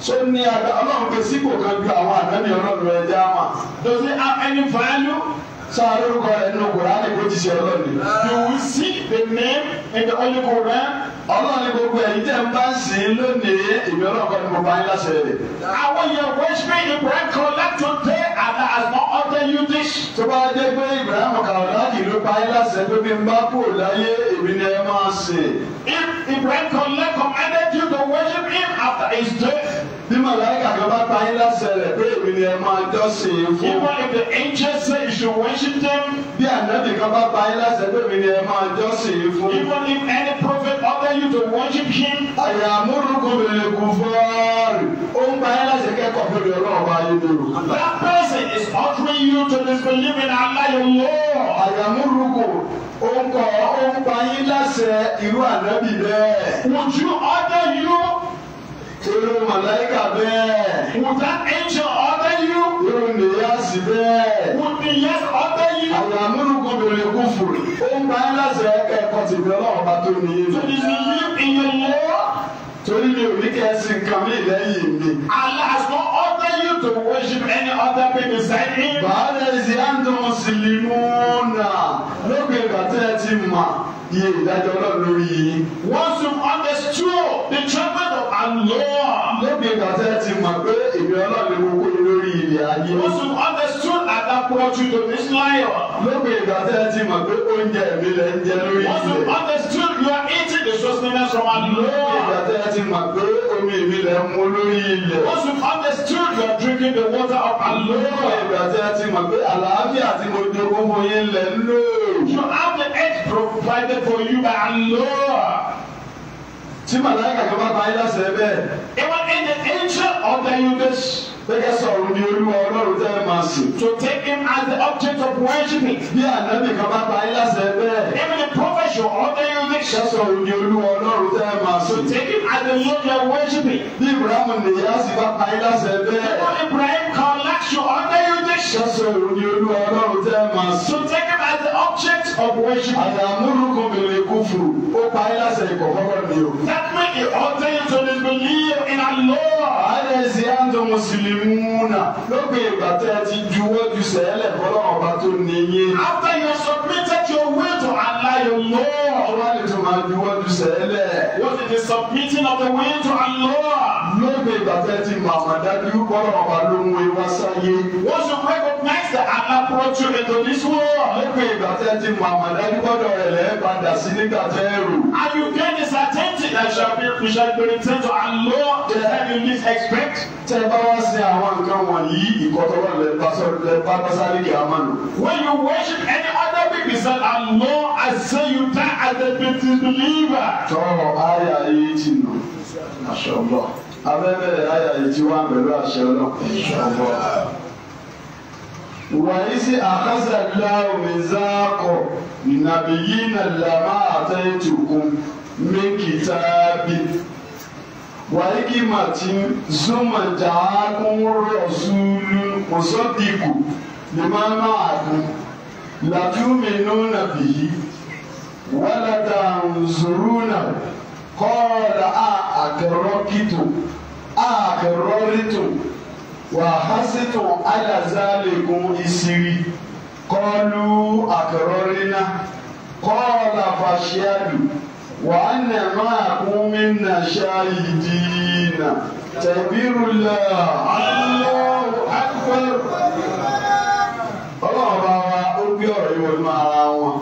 So ní ọlọ́run pèsè ipò kan ju àwọn ànábì ọlọ́run ẹ̀dá àmà. Does it have any value? sáré orúkọ rẹ̀ nínú Kùránì kó ti ṣe ọlọ́ọ̀ni. you will see the name in the Holy Quran. ọlọ́ọ̀ni gbogbo ẹ̀yin tẹ̀ ń bá ń sìn lónìí ìbí ọlọ́ọ̀kọ́ ni mo bá ń láṣẹ rẹ̀. àwọn yẹn wẹ́ṣẹ̀ Ibrahim collect today and as not order you this. tó bá dé pé Ibrahim kàwọ́láàkì ló bá ń láṣẹ pé bí n bá kú láyé èmi ni ẹ máa sìn. if Ibrahim collect commanded you to worship him after his death màláìkà kan bá pa yín láṣẹ pé èmi ni ẹ máa jọ́sìn fún. Even if the angel say you should worship them. Bí ànábì kan bá pa yín láṣẹ pé èmi ni ẹ máa jọ́sìn fún. Even if any prophet order you to worship him. Àyà amúrúkú bèrè fọ́ọ̀rì. Ó ń pa yín láṣẹ kẹ́kọ̀ọ́ fún mi ọlọ́run bá yé lóru. That person is ordering you to disbelieve in Allah your Lord. Àyà amúrúkú ó ń kọ́ ó ń pa yín láṣẹ irú ànábì bẹ́ẹ̀. Would you order you? irú màláìkà bẹ́ẹ̀. would that angel order you. irú nìyá sí bẹ́ẹ̀. would the yes order you. àwọn amúnukùn bèrè kú fún un. ó ń bá yín láti ẹ̀ka ẹ̀kọ́ tìbí ọlọ́run bá tó nìyí. so this is you in your law. torí mi ò ní kí ẹ sin nǹkan mi lẹ́yìn mi. Allah has not ordered you to worship any other people beside him. bàálẹ̀ ìsì àndùn sílímù náà lókè ìgbà tẹ́ ẹ ti mọ̀ iye ìdájọ́ ọlọ́run lórí yìí. once you understood the judgment of Allah. lóbi ìgbàsẹ́ ti mọ̀ pé ìbí ọlọ́run ló wó lórí ilẹ̀ ayé. once you understood and approach you to this lion. lóbi ìgbàsẹ́ ti mọ̀ pé oúnjẹ mi lẹ ń jẹ lórí ilẹ̀. once you understood you are eating the sustenance from Allah. lóbi ìgbàsẹ́ ti mọ̀ pé mu lórí ilẹ̀. Once you have you are drinking the water of Allah. Nígbà ìgbà tí a ti mọ̀ pé àlàáfíà tí mo jogún fún yín lẹ̀ ń You have the edge provided for you by Allah tí màláyà kan bá pa ayé láṣẹ bẹ́ẹ̀. it in the angel of the universe. Bẹ́ẹ̀ sọ̀rọ̀ ni olúwa ọlọ́run tẹ́ máa sìn. To take him as the object of worshiping. Bí ànábì kan bá pa ayé láṣẹ bẹ́ẹ̀. Even the prophet should order you this. Bẹ́ẹ̀ sọ̀rọ̀ ni olúwa ọlọ́run tẹ́ máa sìn. To take him as the Lord you are worshiping. Bí Ibrahim nìyá sì bá pa ayé láṣẹ bẹ́ẹ̀. Even Ibrahim can lack you order you this. Bẹ́ẹ̀ sọ̀rọ̀ ni olúwa ọlọ́run tẹ́ máa sìn. To take object of worship. àtàmúlùkùn bèrè kúfùrù ó pa ẹ́ láṣẹ ìkọ̀kọ́kọ́ ni o. that make you alter you to disbelieve in Allah. àdẹ̀sí àǹtọ̀ mùsùlùmúnà lópin ìgbà tẹ́ ẹ ti juwọ́ ju sẹ́lẹ̀ fọlọ́ọ̀bá tó nìyẹn. after you submit higher law. Ọba ní tó máa ju wọ́n ju sẹ́lẹ̀. What is the submitting of the will to Allah? Lóde ìgbàfẹ́ ti màmá dájú bọ́lá ọba ló ń wé wá sáyé. Once you recognize that Allah brought you into this world. Lóde ìgbàfẹ́ ti màmá dájú bọ́lá rẹ̀ lẹ́ padà sí nígbà tẹ́ rò. And you get this attention that shall be you shall be returned to Allah the time you least expect. Tẹ́ bá wá sí àwọn nǹkan wọ̀nyí ìkọ́tọ̀rọ̀ lẹ́ẹ̀bá sáré kí a máa lò. When you worship any other is that Allah has said you die as a believer. tọrọ àyà yìí ti nù aṣọ ọlọ abẹ́bẹ́ àyà yìí ti wá pẹ̀lú aṣọ ọlọ aṣọ ọlọ. wàyí sí àkásàdúrà omi zákọ̀ nàbìyí nàlámà àtẹ̀tùkùn mẹ́kìtàbí wàhíkìmàtí zumajàákùn rọ̀ṣùlù mùsọ̀dìkù lè má má àdùn. لتؤمنون به ولتنصرونه قال أأقررتم أأقررتم وأخذتم على ذلكم إسري قالوا أقررنا قال فاشهدوا وأن معكم منا شاهدين تكبير الله الله أكبر الله gbé ọ̀rọ̀ yìí wọnú ara wọn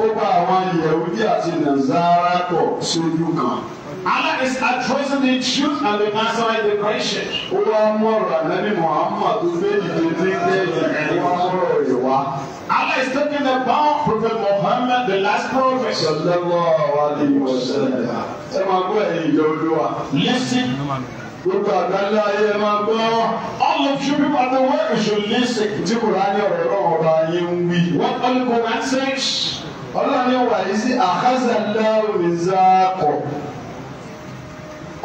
ó bá àwọn yẹ̀wúdí àti nàzàrà pọ̀ sójú kan. Allah is addressing the truth and the Nazarene the Christian. Ó wá mú ọ̀rọ̀ ànábì Muhammad méjì tó ní kẹ́yìn wá mọ̀rọ̀ rẹ̀ wá. Allah is taking the about Prophet Muhammad the last prophet. Sallallahu alayhi wa sallam. Ẹ máa gbọ́ ẹ̀yin ìjọ olúwa. Listen gbogbo àgbáńlá ayé ẹ máa gbọ́ all of you people at the way you should listen tí Kùránì ọ̀rọ̀ náà ọba ayé ń wí. what all the Quran says. ọlọ́ni wà yìí sí àkásàlá òrìṣàkọ̀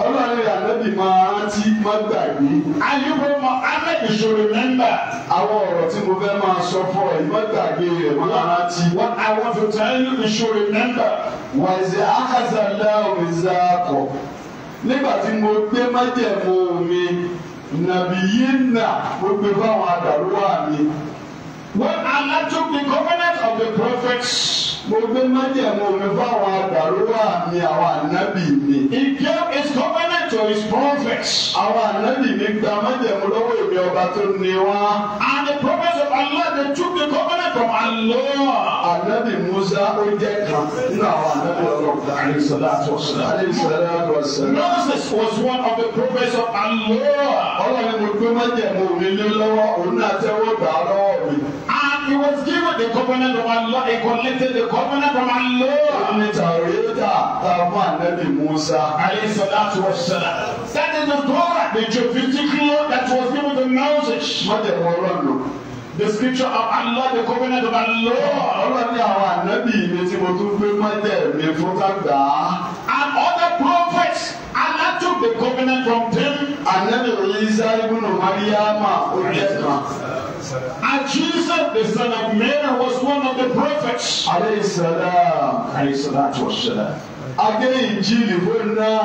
ọlọ́ni ànábì máa rántí má gbàgbé. ayúbọ̀ mọ ahmed ìṣòro mẹ́mbà. àwọn ọ̀rọ̀ tí mo fẹ́ máa sọ fún ọ yìí má gbàgbé rẹ̀ máa rántí. what I want to tell you ìṣòro mẹ́mbà. wà yìí sí àkásàlá òrìṣàkọ̀ nígbà tí mo gbé májẹ̀mú mi nàbìyínà mo gbé fáwọn àdàlúwà mi. When Allah took the covenant of the prophets. Mo gbé májẹ̀mú mi fáwọn àgbàlúwà mi àwọn ànábì mi. He gave his covenant to his prophets. Àwọn ànábì mi gba májẹ̀mú lọ́wọ́ èmi ọba tó ní wá. And took the covenant from Allah. Ànábì Musa ó jẹ́ kan nínú àwọn ànábì ọlọ́run. Àlẹ́sọ̀láàtọ̀ sọ̀rọ̀. Moses was one of the prophets of Allah. Ọlọ́run mo gbé májẹ̀mú mi ní lọ́wọ́, òun náà tẹ́wọ́ gbà á lọ́wọ́ mi. He was given the covenant of Allah. He collected the covenant from Allah. Omi Tàwéta Tàwọn Ànábì Musa. Àlẹ́sọ̀láàtọ̀ wa sọ̀rọ̀. That is the Torah, the Jewish law that was given to Moses. Májẹ̀mú ọlọ́run the scripture of Allah the covenant of Allah ọlọ́run ní àwọn ànábì mi tí mo tún gbé mọ́tẹ̀ mi fún tàgbà. and other prophets Allah took the covenant from them. ànábì Ìsá ibn Maryama ó jẹ́ kan. And Jesus, the son of Mary, was one of the prophets. Alayhi salam. Alayhi salatu wa salam. Adé ìjì nìbó náà,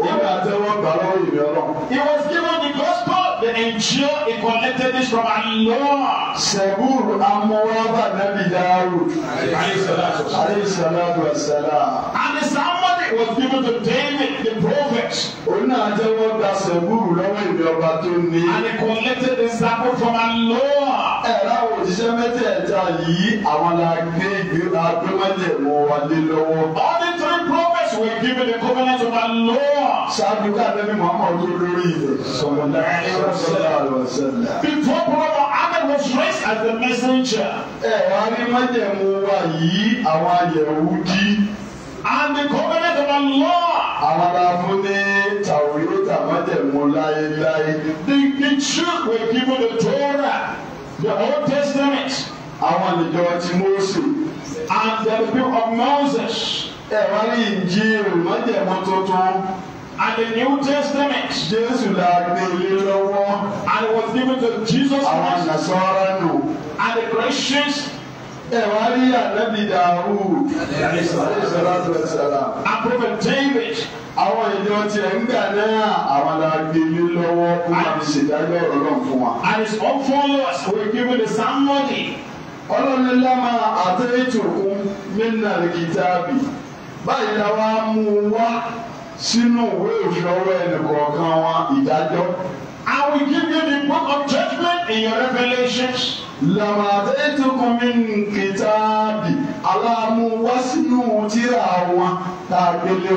ó gbà tẹ́wọ́ gbà lọ́wọ́ ìrẹ́lọ́. He was given the gospel they ensure collected this from Allah. Sẹ̀gúrù amúwábà nàbì Dawud. Aleyhi salatu wa
salam.
And somebody was given to David the prophet. Òun náà jẹ́wọ́ gba sẹ̀gúrù lọ́wọ́ ìlú ọba tó ní. And he collected the sample from Allah. Ẹ̀rọ àwọn òṣìṣẹ́ mẹ́tẹ̀ẹ̀ta yìí àwọn la gbé ìgbé agbẹ́mọ́jẹ̀ wọn wọlé lọ́wọ́. All the three prophets were given the covenant of Allah. Ṣáájú ká Ànábì Muhammad lórí ilẹ̀. Sọ̀rọ̀lá ṣẹlẹ̀ àlọ́sẹ̀lẹ̀. Before Prophet Muhammad was raised as the messenger. Ẹ wá ní májẹ̀mú wa yìí àwọn Yẹ̀húdí. And the covenant of Allah. Àwọn aláfún ní Tàwírótà
májẹ̀mú láéláé. The
the truth were given the Torah, the Old Testament. Àwọn ìjọ ti Mósè. And the people of Moses ẹ wá rí ìjírò májẹ̀mú tuntun. And the New Testament. Jésù la gbé ilé lọ́wọ́. And it was given to Jesus Christ. Àwọn Nasara nù. And the Christians. Ẹ wá rí ànábì Dàhùd. And Prophet David. Àwọn ìjọ tiẹ̀ ń gbà náà àwọn la gbé ilé lọ́wọ́ fún àmì ìṣèdájọ́ ọ̀rọ̀ náà fún wa. And his own followers were given the same money. Ọlọ́run lámà àtẹ̀yẹ́tò kún mí nà lè kìtàbí báyìí la wá mú un wá sínú ìwé òfin ọwọ́ ẹnìkọ̀ọ̀kan wa ìdájọ́. I will give you the book of judgment in your revelations. Làmàdé tukùn mi kìtàbì aláàmú wá sínú tíra wọn tá a gbélé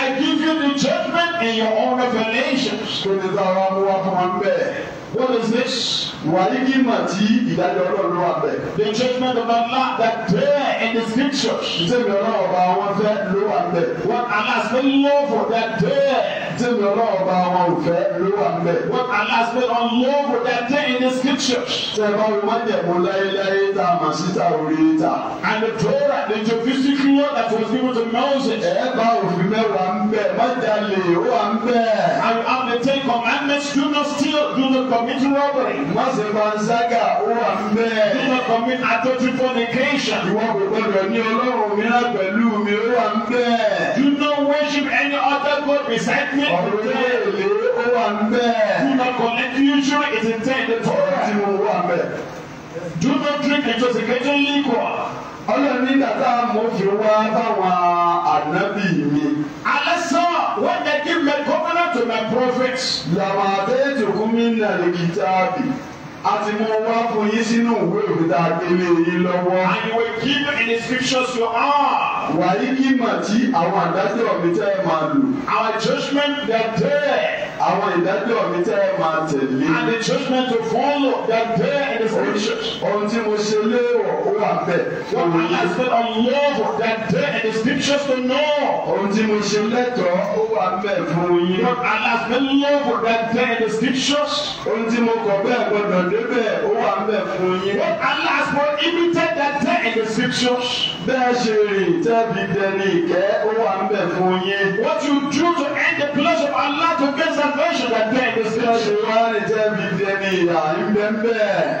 I give you the judgment in your own revelations. Kí ni táwa mú wá fún wa bẹ́ẹ̀? What is this? Wàlíkìmà tí ìdájọ́ ọlọ́run wà bẹ̀. The judgment of Allah that there in the scriptures. Ìsèmi ọlọ́run ọba wọn fẹ́ ló wà bẹ̀. What Allah has been for that there. Ìsèmi ọlọ́run ọba wọn ò fẹ́ ló wà bẹ̀. What Allah has been unlawful that there in the scriptures. Sẹ́ẹ̀bá olùmọ̀jẹ̀mú láyéláyé tá a mọ̀ síta orí ta. And the Torah, the Jewish law that was given to Moses. Ẹ bá òfin mẹ́wàá ń bẹ̀, mọ̀jálè ó wà ń bẹ̀. And you have the ten commandments, do not steal. Do the committing robbery. Má ṣe máa ń ságà wà bẹ́ẹ̀. Do the commit adultery fornication. Ìwọ kò gbọdọ̀ ní ọlọ́run mìíràn pẹ̀lú mi ó wà bẹ́ẹ̀. Do not worship any other God beside me. Ọ̀rọ̀ èlé ó wà bẹ́ẹ̀. Do not collect usury is intended for. Ọ̀rọ̀ tí mo wà bẹ́ẹ̀. Do not drink intoxicating liquor. Ọlọ́run nígbà tá a mọ̀ fi wá báwọn ànábì prophets. لما أتيتكم من الكتاب a ti mú wá fún yín sínú ìwé òfin tá yín lọ́wọ́. and we give in the scriptures you Our wàyí kí mà tí àwọn àdájọ́ mi tẹ́ máa lò. our judgment that there. àwọn ìdájọ́ mi tẹ́ máa tẹ̀lé. and the judgment to follow that there in the scriptures. ohun tí mo ṣe léèwọ̀ ó wà bẹ́ẹ̀. what I has been unlawful that there in the scriptures to know. ohun tí mo ṣe lẹ́tọ̀ọ́ ó wà bẹ́ẹ̀ fún yín. what I has been lawful that there in the scriptures. ohun tí mo kọ̀ bẹ́ẹ̀ gbọ́dọ̀ débẹ̀ ó wà ń bẹ̀ fún yín. What Allah for imitate that day in the scripture. Bẹ́ẹ̀ ṣe rìn tẹ́bi dẹni ìkẹ́ ó wà ń bẹ̀ fún yín. What you do to end the pleasure of Allah to get salvation that day in the scripture. Bẹ́ẹ̀ ṣe wá rìn tẹ́bi dẹni ìyá ń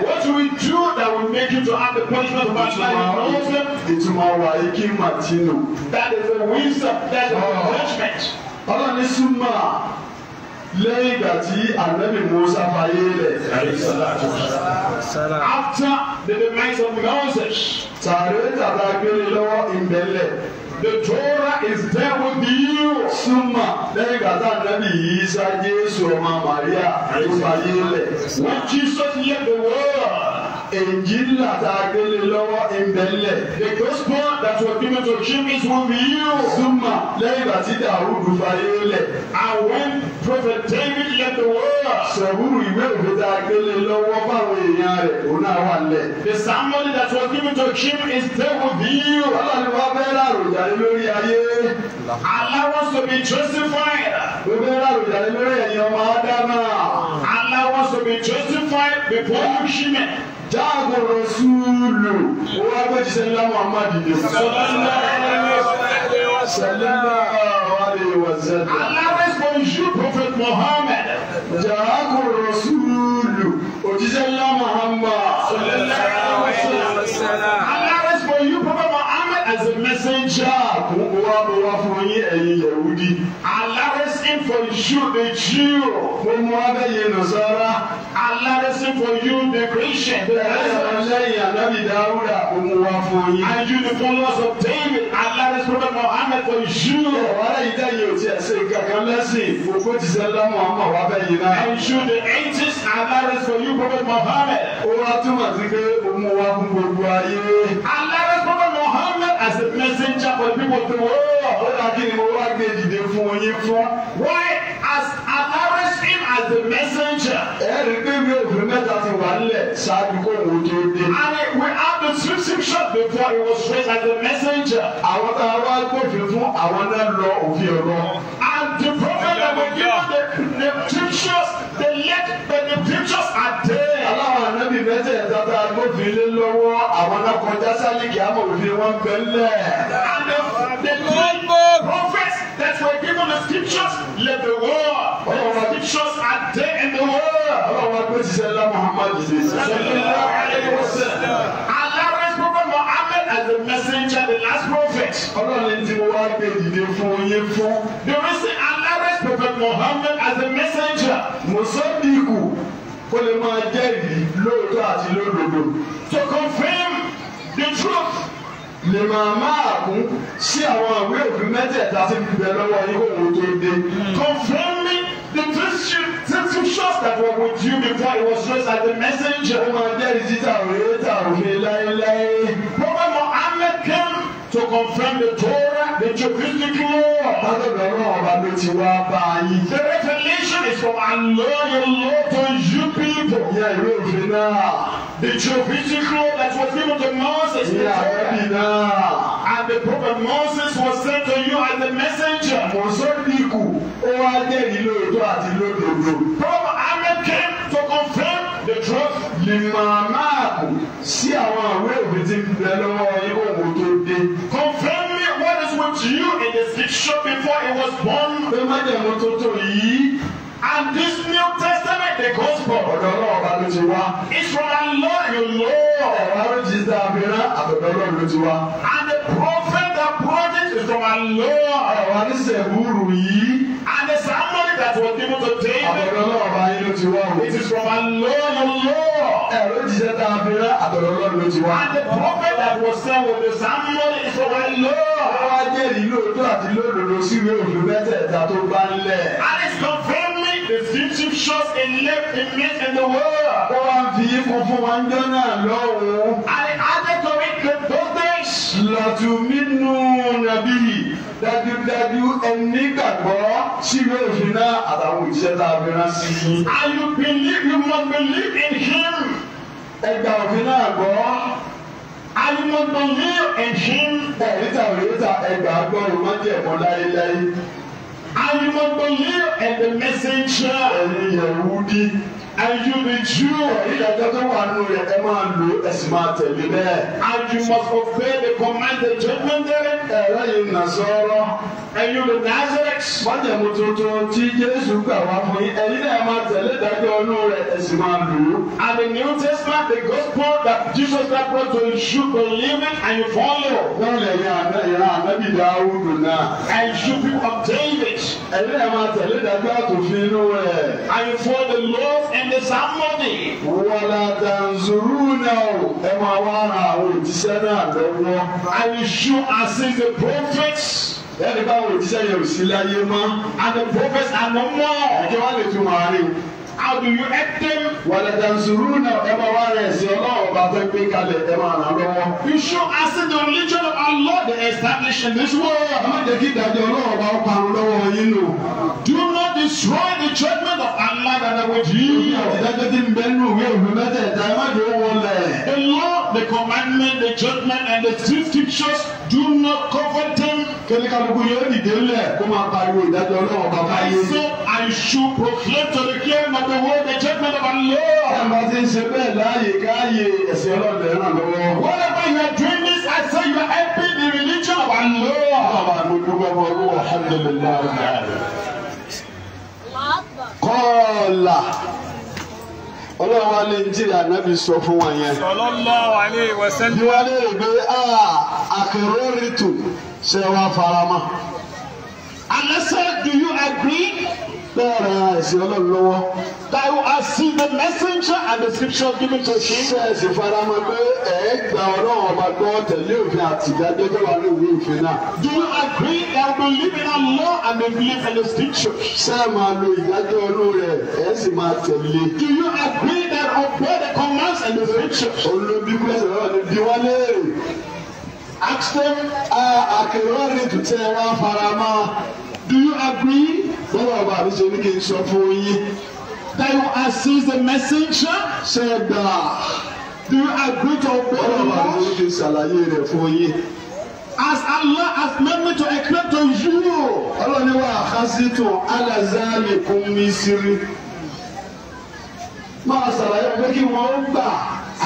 What we do that will make you to have the punishment of Allah in the Muslim. Ìtumọ̀ wà yìí Màtínù. That is the wisdom that is the oh. judgment. Ọlọ́run ní súnmọ́ lẹ́yìn ìgbà tí anabi musa fàyè rẹ̀. after the demise of Moses. sàrẹ́ tàbá gbélé lọ́wọ́ ìbẹ̀lẹ̀. The Torah is there with you. Súnmà lẹ́yìn gàdá nàbì Ìsá Jésù ọmọ Màríà àyíkáyé lẹ̀. When Jesus left the world. Èjìlá tá a gbélé lọ́wọ́ ìbẹ̀lẹ̀. The gospel that was given to him is with you. Súnmà lẹ́yìn gàdí Dàrúdù fàyè lẹ̀ tẹ́lẹ̀ lẹ́tọ̀ wọ́. sẹ̀wúrù ìwé òfin tá a gbélé lọ́wọ́ báwọn èèyàn rẹ̀ òun náà wà lẹ̀. the ceremony that was given to him is table bill. ọlọ́run wa bẹ́ẹ̀ láròjà lórí ayé. Allah wants to be justified. ó bẹ́ẹ̀ láròjà lórí ẹ̀yin ọmọ ádámà. Allah wants to be justified before you human. jaago rasulu. wọ́n á gbé jíṣẹ́ ńlá muhammadu. sọlá ńlá ẹ̀ Allah responds you Prophet Muhammad. Jaaku Rasulu. Òjíṣẹ́ ńlá Muhammad. Allah responds you Prophet Muhammad as a messenger. Kò wá bọ̀ wá fún yín ẹ̀yin Yahudi you, the Jew. Gbogbo abẹ́yẹ Nàzárà. Allah listen for you, the Christian. And you the followers of David, Allah is for Muhammad for you. Ọ̀rẹ́ yìí dẹ́yìn ò And you the atheist, Allah is for you, Prophet Muhammad. Ó wá túmọ̀ sí pé gbogbo wa fún gbogbo Allah listen for Muhammad as a messenger for the people to oh ó dà kí ni mo wá gbé dìde fún yín fún. Why as acknowledge him as the messenger. Ẹ rí pé bí òfin mẹ́ta ti wà nílẹ̀ ṣáájú kó wò ó tó dé. And we have the description before he was raised as a messenger. Àwọn tá a wá gbófin fún àwọn náà lọ òfin ọ̀rọ̀. fi lọ́wọ́ àwọn akọjá sálíkì amòfin wọn bẹ lẹ̀. Uh, prophets that were given the scriptures led the war. All the scriptures are there in the war. Ọlọ́run wa gbé ṣiṣẹ́ ńlá Muhammad ṣe sallallahu alayhi Prophet Muhammad as the messenger, the last prophet. ti wá gbé dìde fún yín fún. The reason Allah raised Prophet Muhammad as the messenger. Mùsọ́bí kó lè máa jẹ́rìí lóòótọ́ àti lódodo. to confirm the truth. lè máa máa kún sí àwọn àwé òfin mẹ́tẹ̀ẹ̀ta tí bíbẹ̀ lọ́wọ́ yìí òun tó dé. confirming the scriptures that were with you before it was just as a messenger. ó máa jẹ́rìí títà òye tà òye láéláé. prophet Muhammad came to confirm the truth. Èpè kíkó ọ̀tọ́dọ̀dọ̀ náà ọba ló ti wá bá yín. The revelation is from Allah your to you people. Yeah, you will be náà. The Levitical that was given to Moses. Ní àwọn ẹbí náà. And the prophet Moses was sent to you as a messenger. Moses, oh, Mọ̀sọ́díkù ó wá jẹ́rìí lóòótọ́ àti lódodo. Prophet Ahmed came to confirm the truth. Lè màmáàkù sí àwọn ìwé òfin ti bẹ lọ́wọ́ ikú òkú tó It decision before he was born. pé májèmú tuntun yìí. And this New Testament, the gospel. ọ̀dọ̀ ọlọ́run bá ló ti wá. It's from Allah you know. ọ̀rọ̀ àròjì dá abirá àtọ̀dọ̀ ọlọ́run ló ti wá. And the prophet that brought it is from Allah. ọ̀rọ̀ àrísẹ̀ búrú yìí. And the sermon that was able to David. Àbọ̀dọ̀ Ọlọ́run bá ló ti wá o. It is from a Lord your Ẹ̀rọ ìjìṣẹ́ tá a fi rán àbọ̀dọ̀ Ọlọ́run ló ti wá. And the prophet that was sent with the Samuel is from our Lord. Ó wá jẹ́rìí lóòótọ́ àti lódodo sí ìwé òfin mẹ́tẹ̀ẹ̀ta tó bá ń lẹ̀. And it's confirming the scripture shows in left in me in the world. Ó wá ń fi yín kún fún wa ń jọ́ náà lọ́wọ́. And it added to it the boldness. Lọ́tùmínú nàbí dájúdájú ẹni gbàgbọ́ sínú òfin náà àtàwọn òṣìṣẹ́ tá a fi rán sí i. and you believe you must believe in him. ẹgbà òfin náà gbọ́. and you must believe in him. ẹ̀ níta òyìnbá ẹgbà gbọ́dọ̀ má jẹ̀ mọ́ láéláé. and you must believe in the messenger. ẹ̀yin Yẹhudi. And you be true. Ìdájọ́ tó wà nù rẹ̀ ẹ máa lò ẹ máa tẹ̀lé bẹ́ẹ̀. And you must obey the command the judgment day. Ẹ̀rọ yìí nà sọ̀rọ̀. And you be Nazareth. Májẹ̀mú tuntun tí Jésù gbà wá fún yín. Ẹ̀yin náà máa tẹ̀lé ìdájọ́ ọ̀nù rẹ̀ ẹ máa lò. And the New Testament the gospel that Jesus Christ brought to you believe it and you follow. Wọ́n lè yẹ àná ìran ànábì Dáwúdù náà. And you be of David. Ẹ̀yin náà máa tẹ̀lé ìdájọ́ àtòfin inú rẹ̀. And you follow the laws and ẹni sàmúlì. wọlá danzuru náà ẹ máa wá ara àwọn òjíṣẹ́ náà lọ́wọ́. I will show as in the prophets ẹni báwo òjíṣẹ́ yẹn ò sí láyé mọ́ and the prophets are no more. ẹ̀jẹ̀ wá lè tún máa rí o how do you help them. sùúrù náà ẹ máa wá rẹ̀ sí ọlọ́run bá fẹ́ gbé kalẹ̀ ẹ máa ràn lọ́wọ́. you should accept the religion of our Lord the establishment. ìṣúwọ́ àmọ́jẹ́ kí ìdájọ́ ọlọ́run bá ń parun lọ́wọ́ yín lò. do not destroy the judgment of Allah that I would yield. ìdájọ́ tí ń bẹ nínú ìwé òfin mẹ́tẹ̀ẹ̀ta ẹ má dùn ún wọlé. the law the commandment the judgment and the three scriptures do not cover kẹ́míkàlùkù yóò dìde ńlẹ̀ kó máa pariwo ìdájọ́ ọlọ́run bàbá yé. so I should proclaim to the king of the world the judgment of our Lord. ẹ̀ma ti ń ṣe bẹ́ẹ̀ láàyè káàyè ẹ̀sìn ọlọ́dẹ náà lọ́wọ́. whatever you are doing this I say you are helping the religion of our Lord. bàbá mi dúpẹ́ mọ́ ọdún alhamdulilayi. kọ́ọ̀là
ọlọ́run wa lè jí ànábì sọ fún wa yẹn. sallallahu alaihi wasallam. bí wàá lè gbé a ah, àkèrò rìtù
ṣé wàá fara mọ́. Unless do you agree? Bẹ́ẹ̀ ra ẹ̀sìn That you are seen the messenger and the scripture given to him. Ṣé ẹ̀sìn faramọ́ pé ẹ̀ gba ọlọ́run ọba gbọ́ tẹ̀lé òfin àti ìdájọ́ tó wà ní ìwé òfin náà? Do you agree that you believe in Allah and you believe in the scripture? Ṣé ẹ máa lo ìdájọ́ ọlọ́run rẹ̀ ẹ̀ sì máa tẹ̀lé? Do you agree that you obey the commands and the scripture? Olóbi pẹ̀lú ọ̀rọ̀ ni bí wọ́n Ask them, uh, àkèrè rẹ̀ tó tẹ́ ẹ wá fara mọ́. Do you agree? Bọ́lá ọba mi this is kí n sọ fún yín. That you assist the messenger? Ṣé gbà? Do you agree to obey the law? Bọ́lá ọba mi ṣe ní kí n ṣàlàyé rẹ̀ fún yín. As Allah has made me to explain to you. Ọlọ́ni wa àkásítò alazali kún mi sírí. Máa ṣàlàyé pé kí wọ́n gbà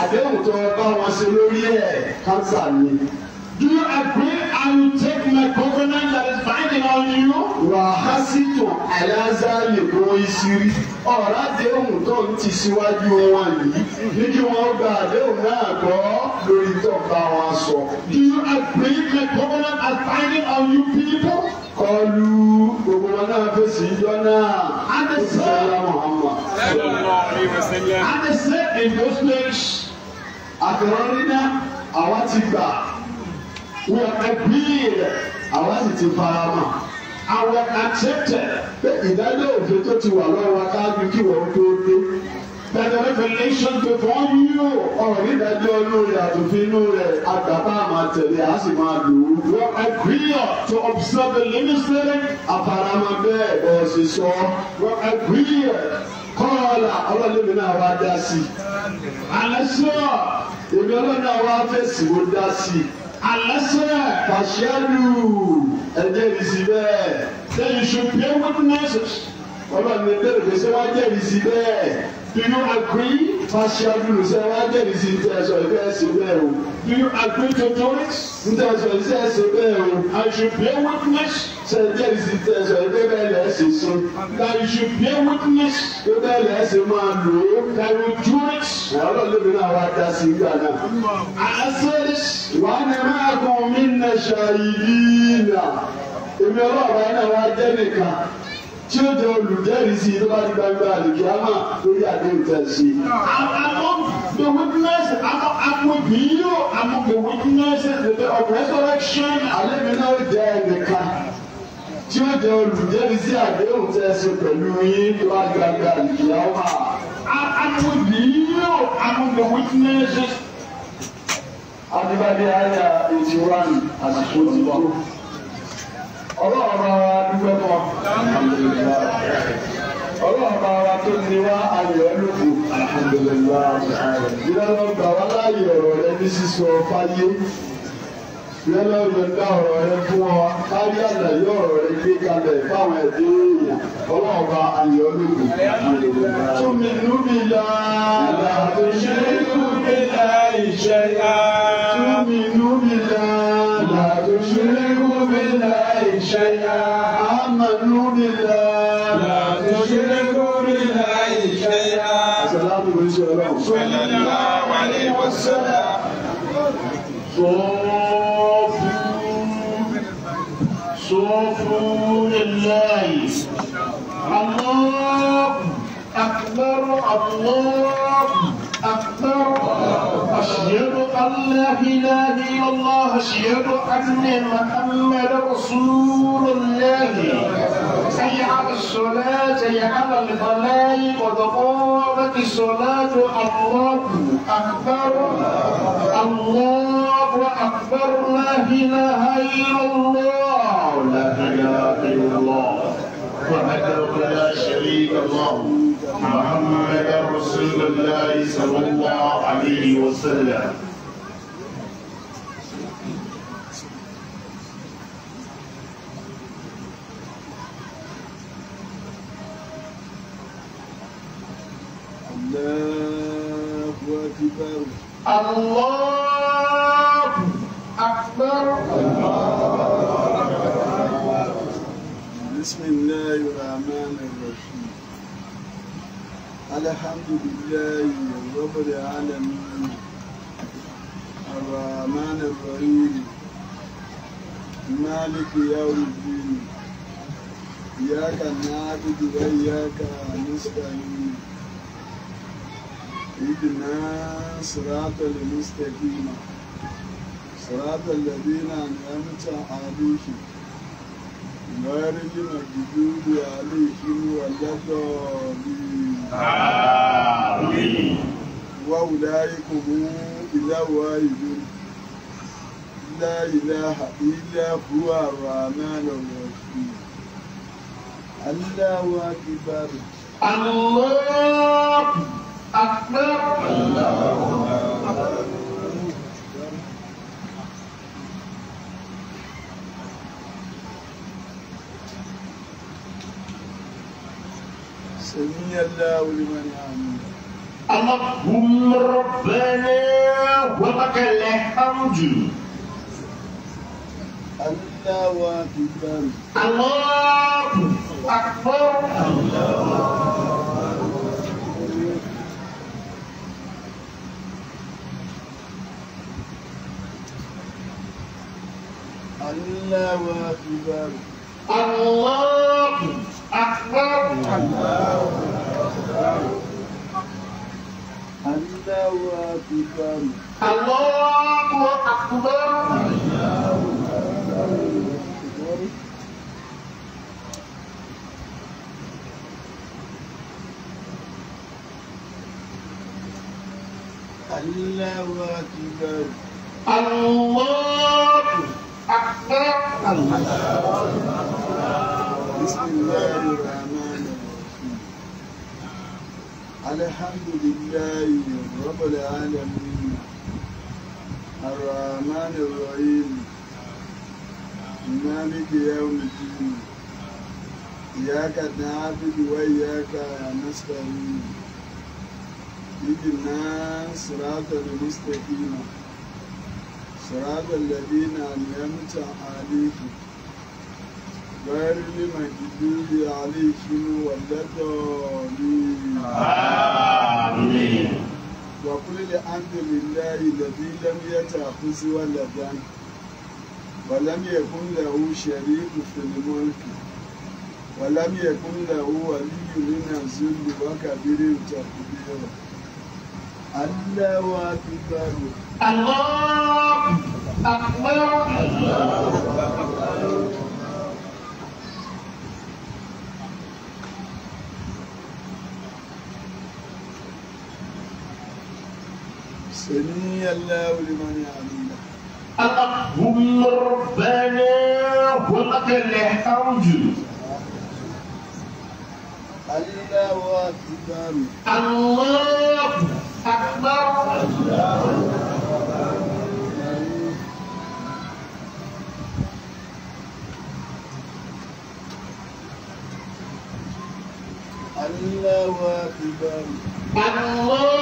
àdéhùn
tó bá wọn ṣe lórí ẹ̀ kánsà ni.
Do you agree I will take my covenant that is binding on you? Wà á sì tò àyáza lè bo ìṣirí. Ọ̀rá déhùn tó ń ti síwájú wọn yìí. Ní kí wọ́n gba àdéhùn náà gbọ́ lórí tó bá wọn sọ. Do you agree my covenant as binding on you people? Kọlu gbogbo wọn náà fèsì ìjọ náà. And they say, and they say in those days, àtẹ̀rọ̀rí náà àwa ti gbà we have agreed àwa sì ti fara mọ́ àwọn accepted pé ìdájọ́ òfin tó ti wà lọ́wọ́ akáàbí kí wọ́n tó dé that the revelation to form you ọ̀rọ̀ nídàájọ́ inú rẹ̀ àtòfin inú rẹ̀ àgbàbá máa tẹ̀lé a sì máa lò ó. wọ́n agree to observe the legislative àfàràmà bẹ́ẹ̀ bẹ́ẹ̀ ṣe sọ. wọ́n agree kọ́ọ̀là ọlọ́lẹ́mi náà wá dá sí i. àlẹ́ sọ́ọ̀ èmi ọlọ́dún àwa fèsì mo dá sí i. Alasẹ fàṣẹlú ẹjẹ ìsì bẹ́ẹ̀ sẹ́yìn ṣùgbọ́n ẹ̀wọ́n náà sọ Ọlọ́run ní bẹ́ẹ̀ lè ṣe jẹ ìsì bẹ́ẹ̀ do you agree fàṣẹlú ṣe jẹ ìsì ní ẹsọ ìfẹ ẹsẹ bẹ́ẹ̀ o do you agree to do it ní ẹsọ ẹsẹ bẹ́ẹ̀ o I should bear sẹjẹ si tẹ sọ ẹgbẹ bẹẹ lẹ ẹsẹ so that you should be witness pé bẹẹ lẹ ẹsẹ máa lò ó that you do it wàá lọ lóbi náà wàá da sí ìgbà náà àṣẹ wàá ní máa kàn mí nà ṣàyíìlà èmi ọlọ́ọ̀bá náà wàá jẹ́ nìkan tí ó jẹ olùjẹ́rìí sí tó bá di gbangba àlùkí á máa lórí àdéhùn sí. àwọn the witness àwọn amòbí yóò amòbí witness the resurrection. àlẹ́ mi náà jẹ́ ẹnìkan tí ó jẹ olùjẹ́bi àdéhùn tẹ́ ṣe pẹ̀lú yín tó
bá ìyá ọmọ.
And with you among the witnesses.
Adébádé Aya eighty one àsìkò ti lọ. Ọlọ́run bá wa dúpẹ́ mọ́. Ọlọ́run bá wa tó ní wá ayọ̀ lóko. Ìdáná gbà wá láàyè ọ̀rọ̀ rẹ ní sísọ fáyé lẹ́lẹ́ ìgbẹ́ndá ọ̀rọ̀ rẹ fún
ọ kárí àlàyé ọ̀rọ̀ rẹ gbé kalẹ̀ fáwọn ẹ̀dẹ́ èèyàn ọlọ́run bá ayọ̀ lóògùn. túnmí núbi la làbí ṣe kúbi la ìṣe ya. túnmí núbi la làbí ṣe kúbi
la ìṣe ya. àmà núbi la làbí ṣe kúbi la ìṣe ya. àṣàlá mi ò ń ṣe ọlọ́run. sọlá ni wàá wà ní wọ́sọ̀lá.
أكبر الله أكبر أشهد أن لا إله إلا الله أشهد أن محمد رسول الله حي على الصلاة حي على الفلاح قد قامت الصلاة الله أكبر الله أكبر لا إله إلا الله لا إله إلا الله وحده لا شريك الله محمد رسول الله صلى الله عليه
وسلم الله أكبر
الله
بسم الله الرحمن الرحيم الحمد لله رب العالمين الرحمن الرحيم مالك يوم الدين إياك نعبد وإياك نستعين اهدنا صراط المستقيم صراط الذين أنعمت عليهم وارجم الجدود عليهم والضالين آمين وأولئك هم إلى واحد لا إله إلا هو الرحمن الرحيم
الله أكبر الله أكبر الله
يا الله ولمن
اللهم ربنا ولك الحمد
الله اكبر
الله
اكبر الله اكبر الله اكبر الله أكبر الله أكبر الله
أكبر
الله أكبر بسم الله الرحمن الحمد لله رب العالمين الرحمن الرحيم مالك يوم الدين إياك نعبد وإياك نستعين اهدنا صراط المستقيم صراط الذين أنعمت عليهم غير المجدود عليهم ولا الضالين آمين وقل الحمد لله الذي لم يتخذ ولدا ولم يكن له شريك في الملك ولم يكن له ولي من الذل وكبير تقديرا الله أكبر
الله أكبر
الله أكبر
ثني الله لمن يعلينا
اللهم
ربنا ولك الحمد الله أكبر الله أكبر الله أكبر الله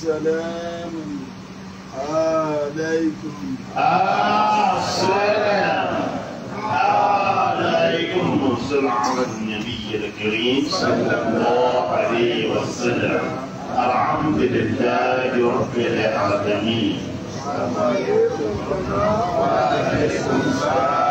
سلام عليكم السلام عليكم صل على النبي الكريم
صلى الله عليه وسلم الحمد لله رب العالمين عليكم وعليكم السلام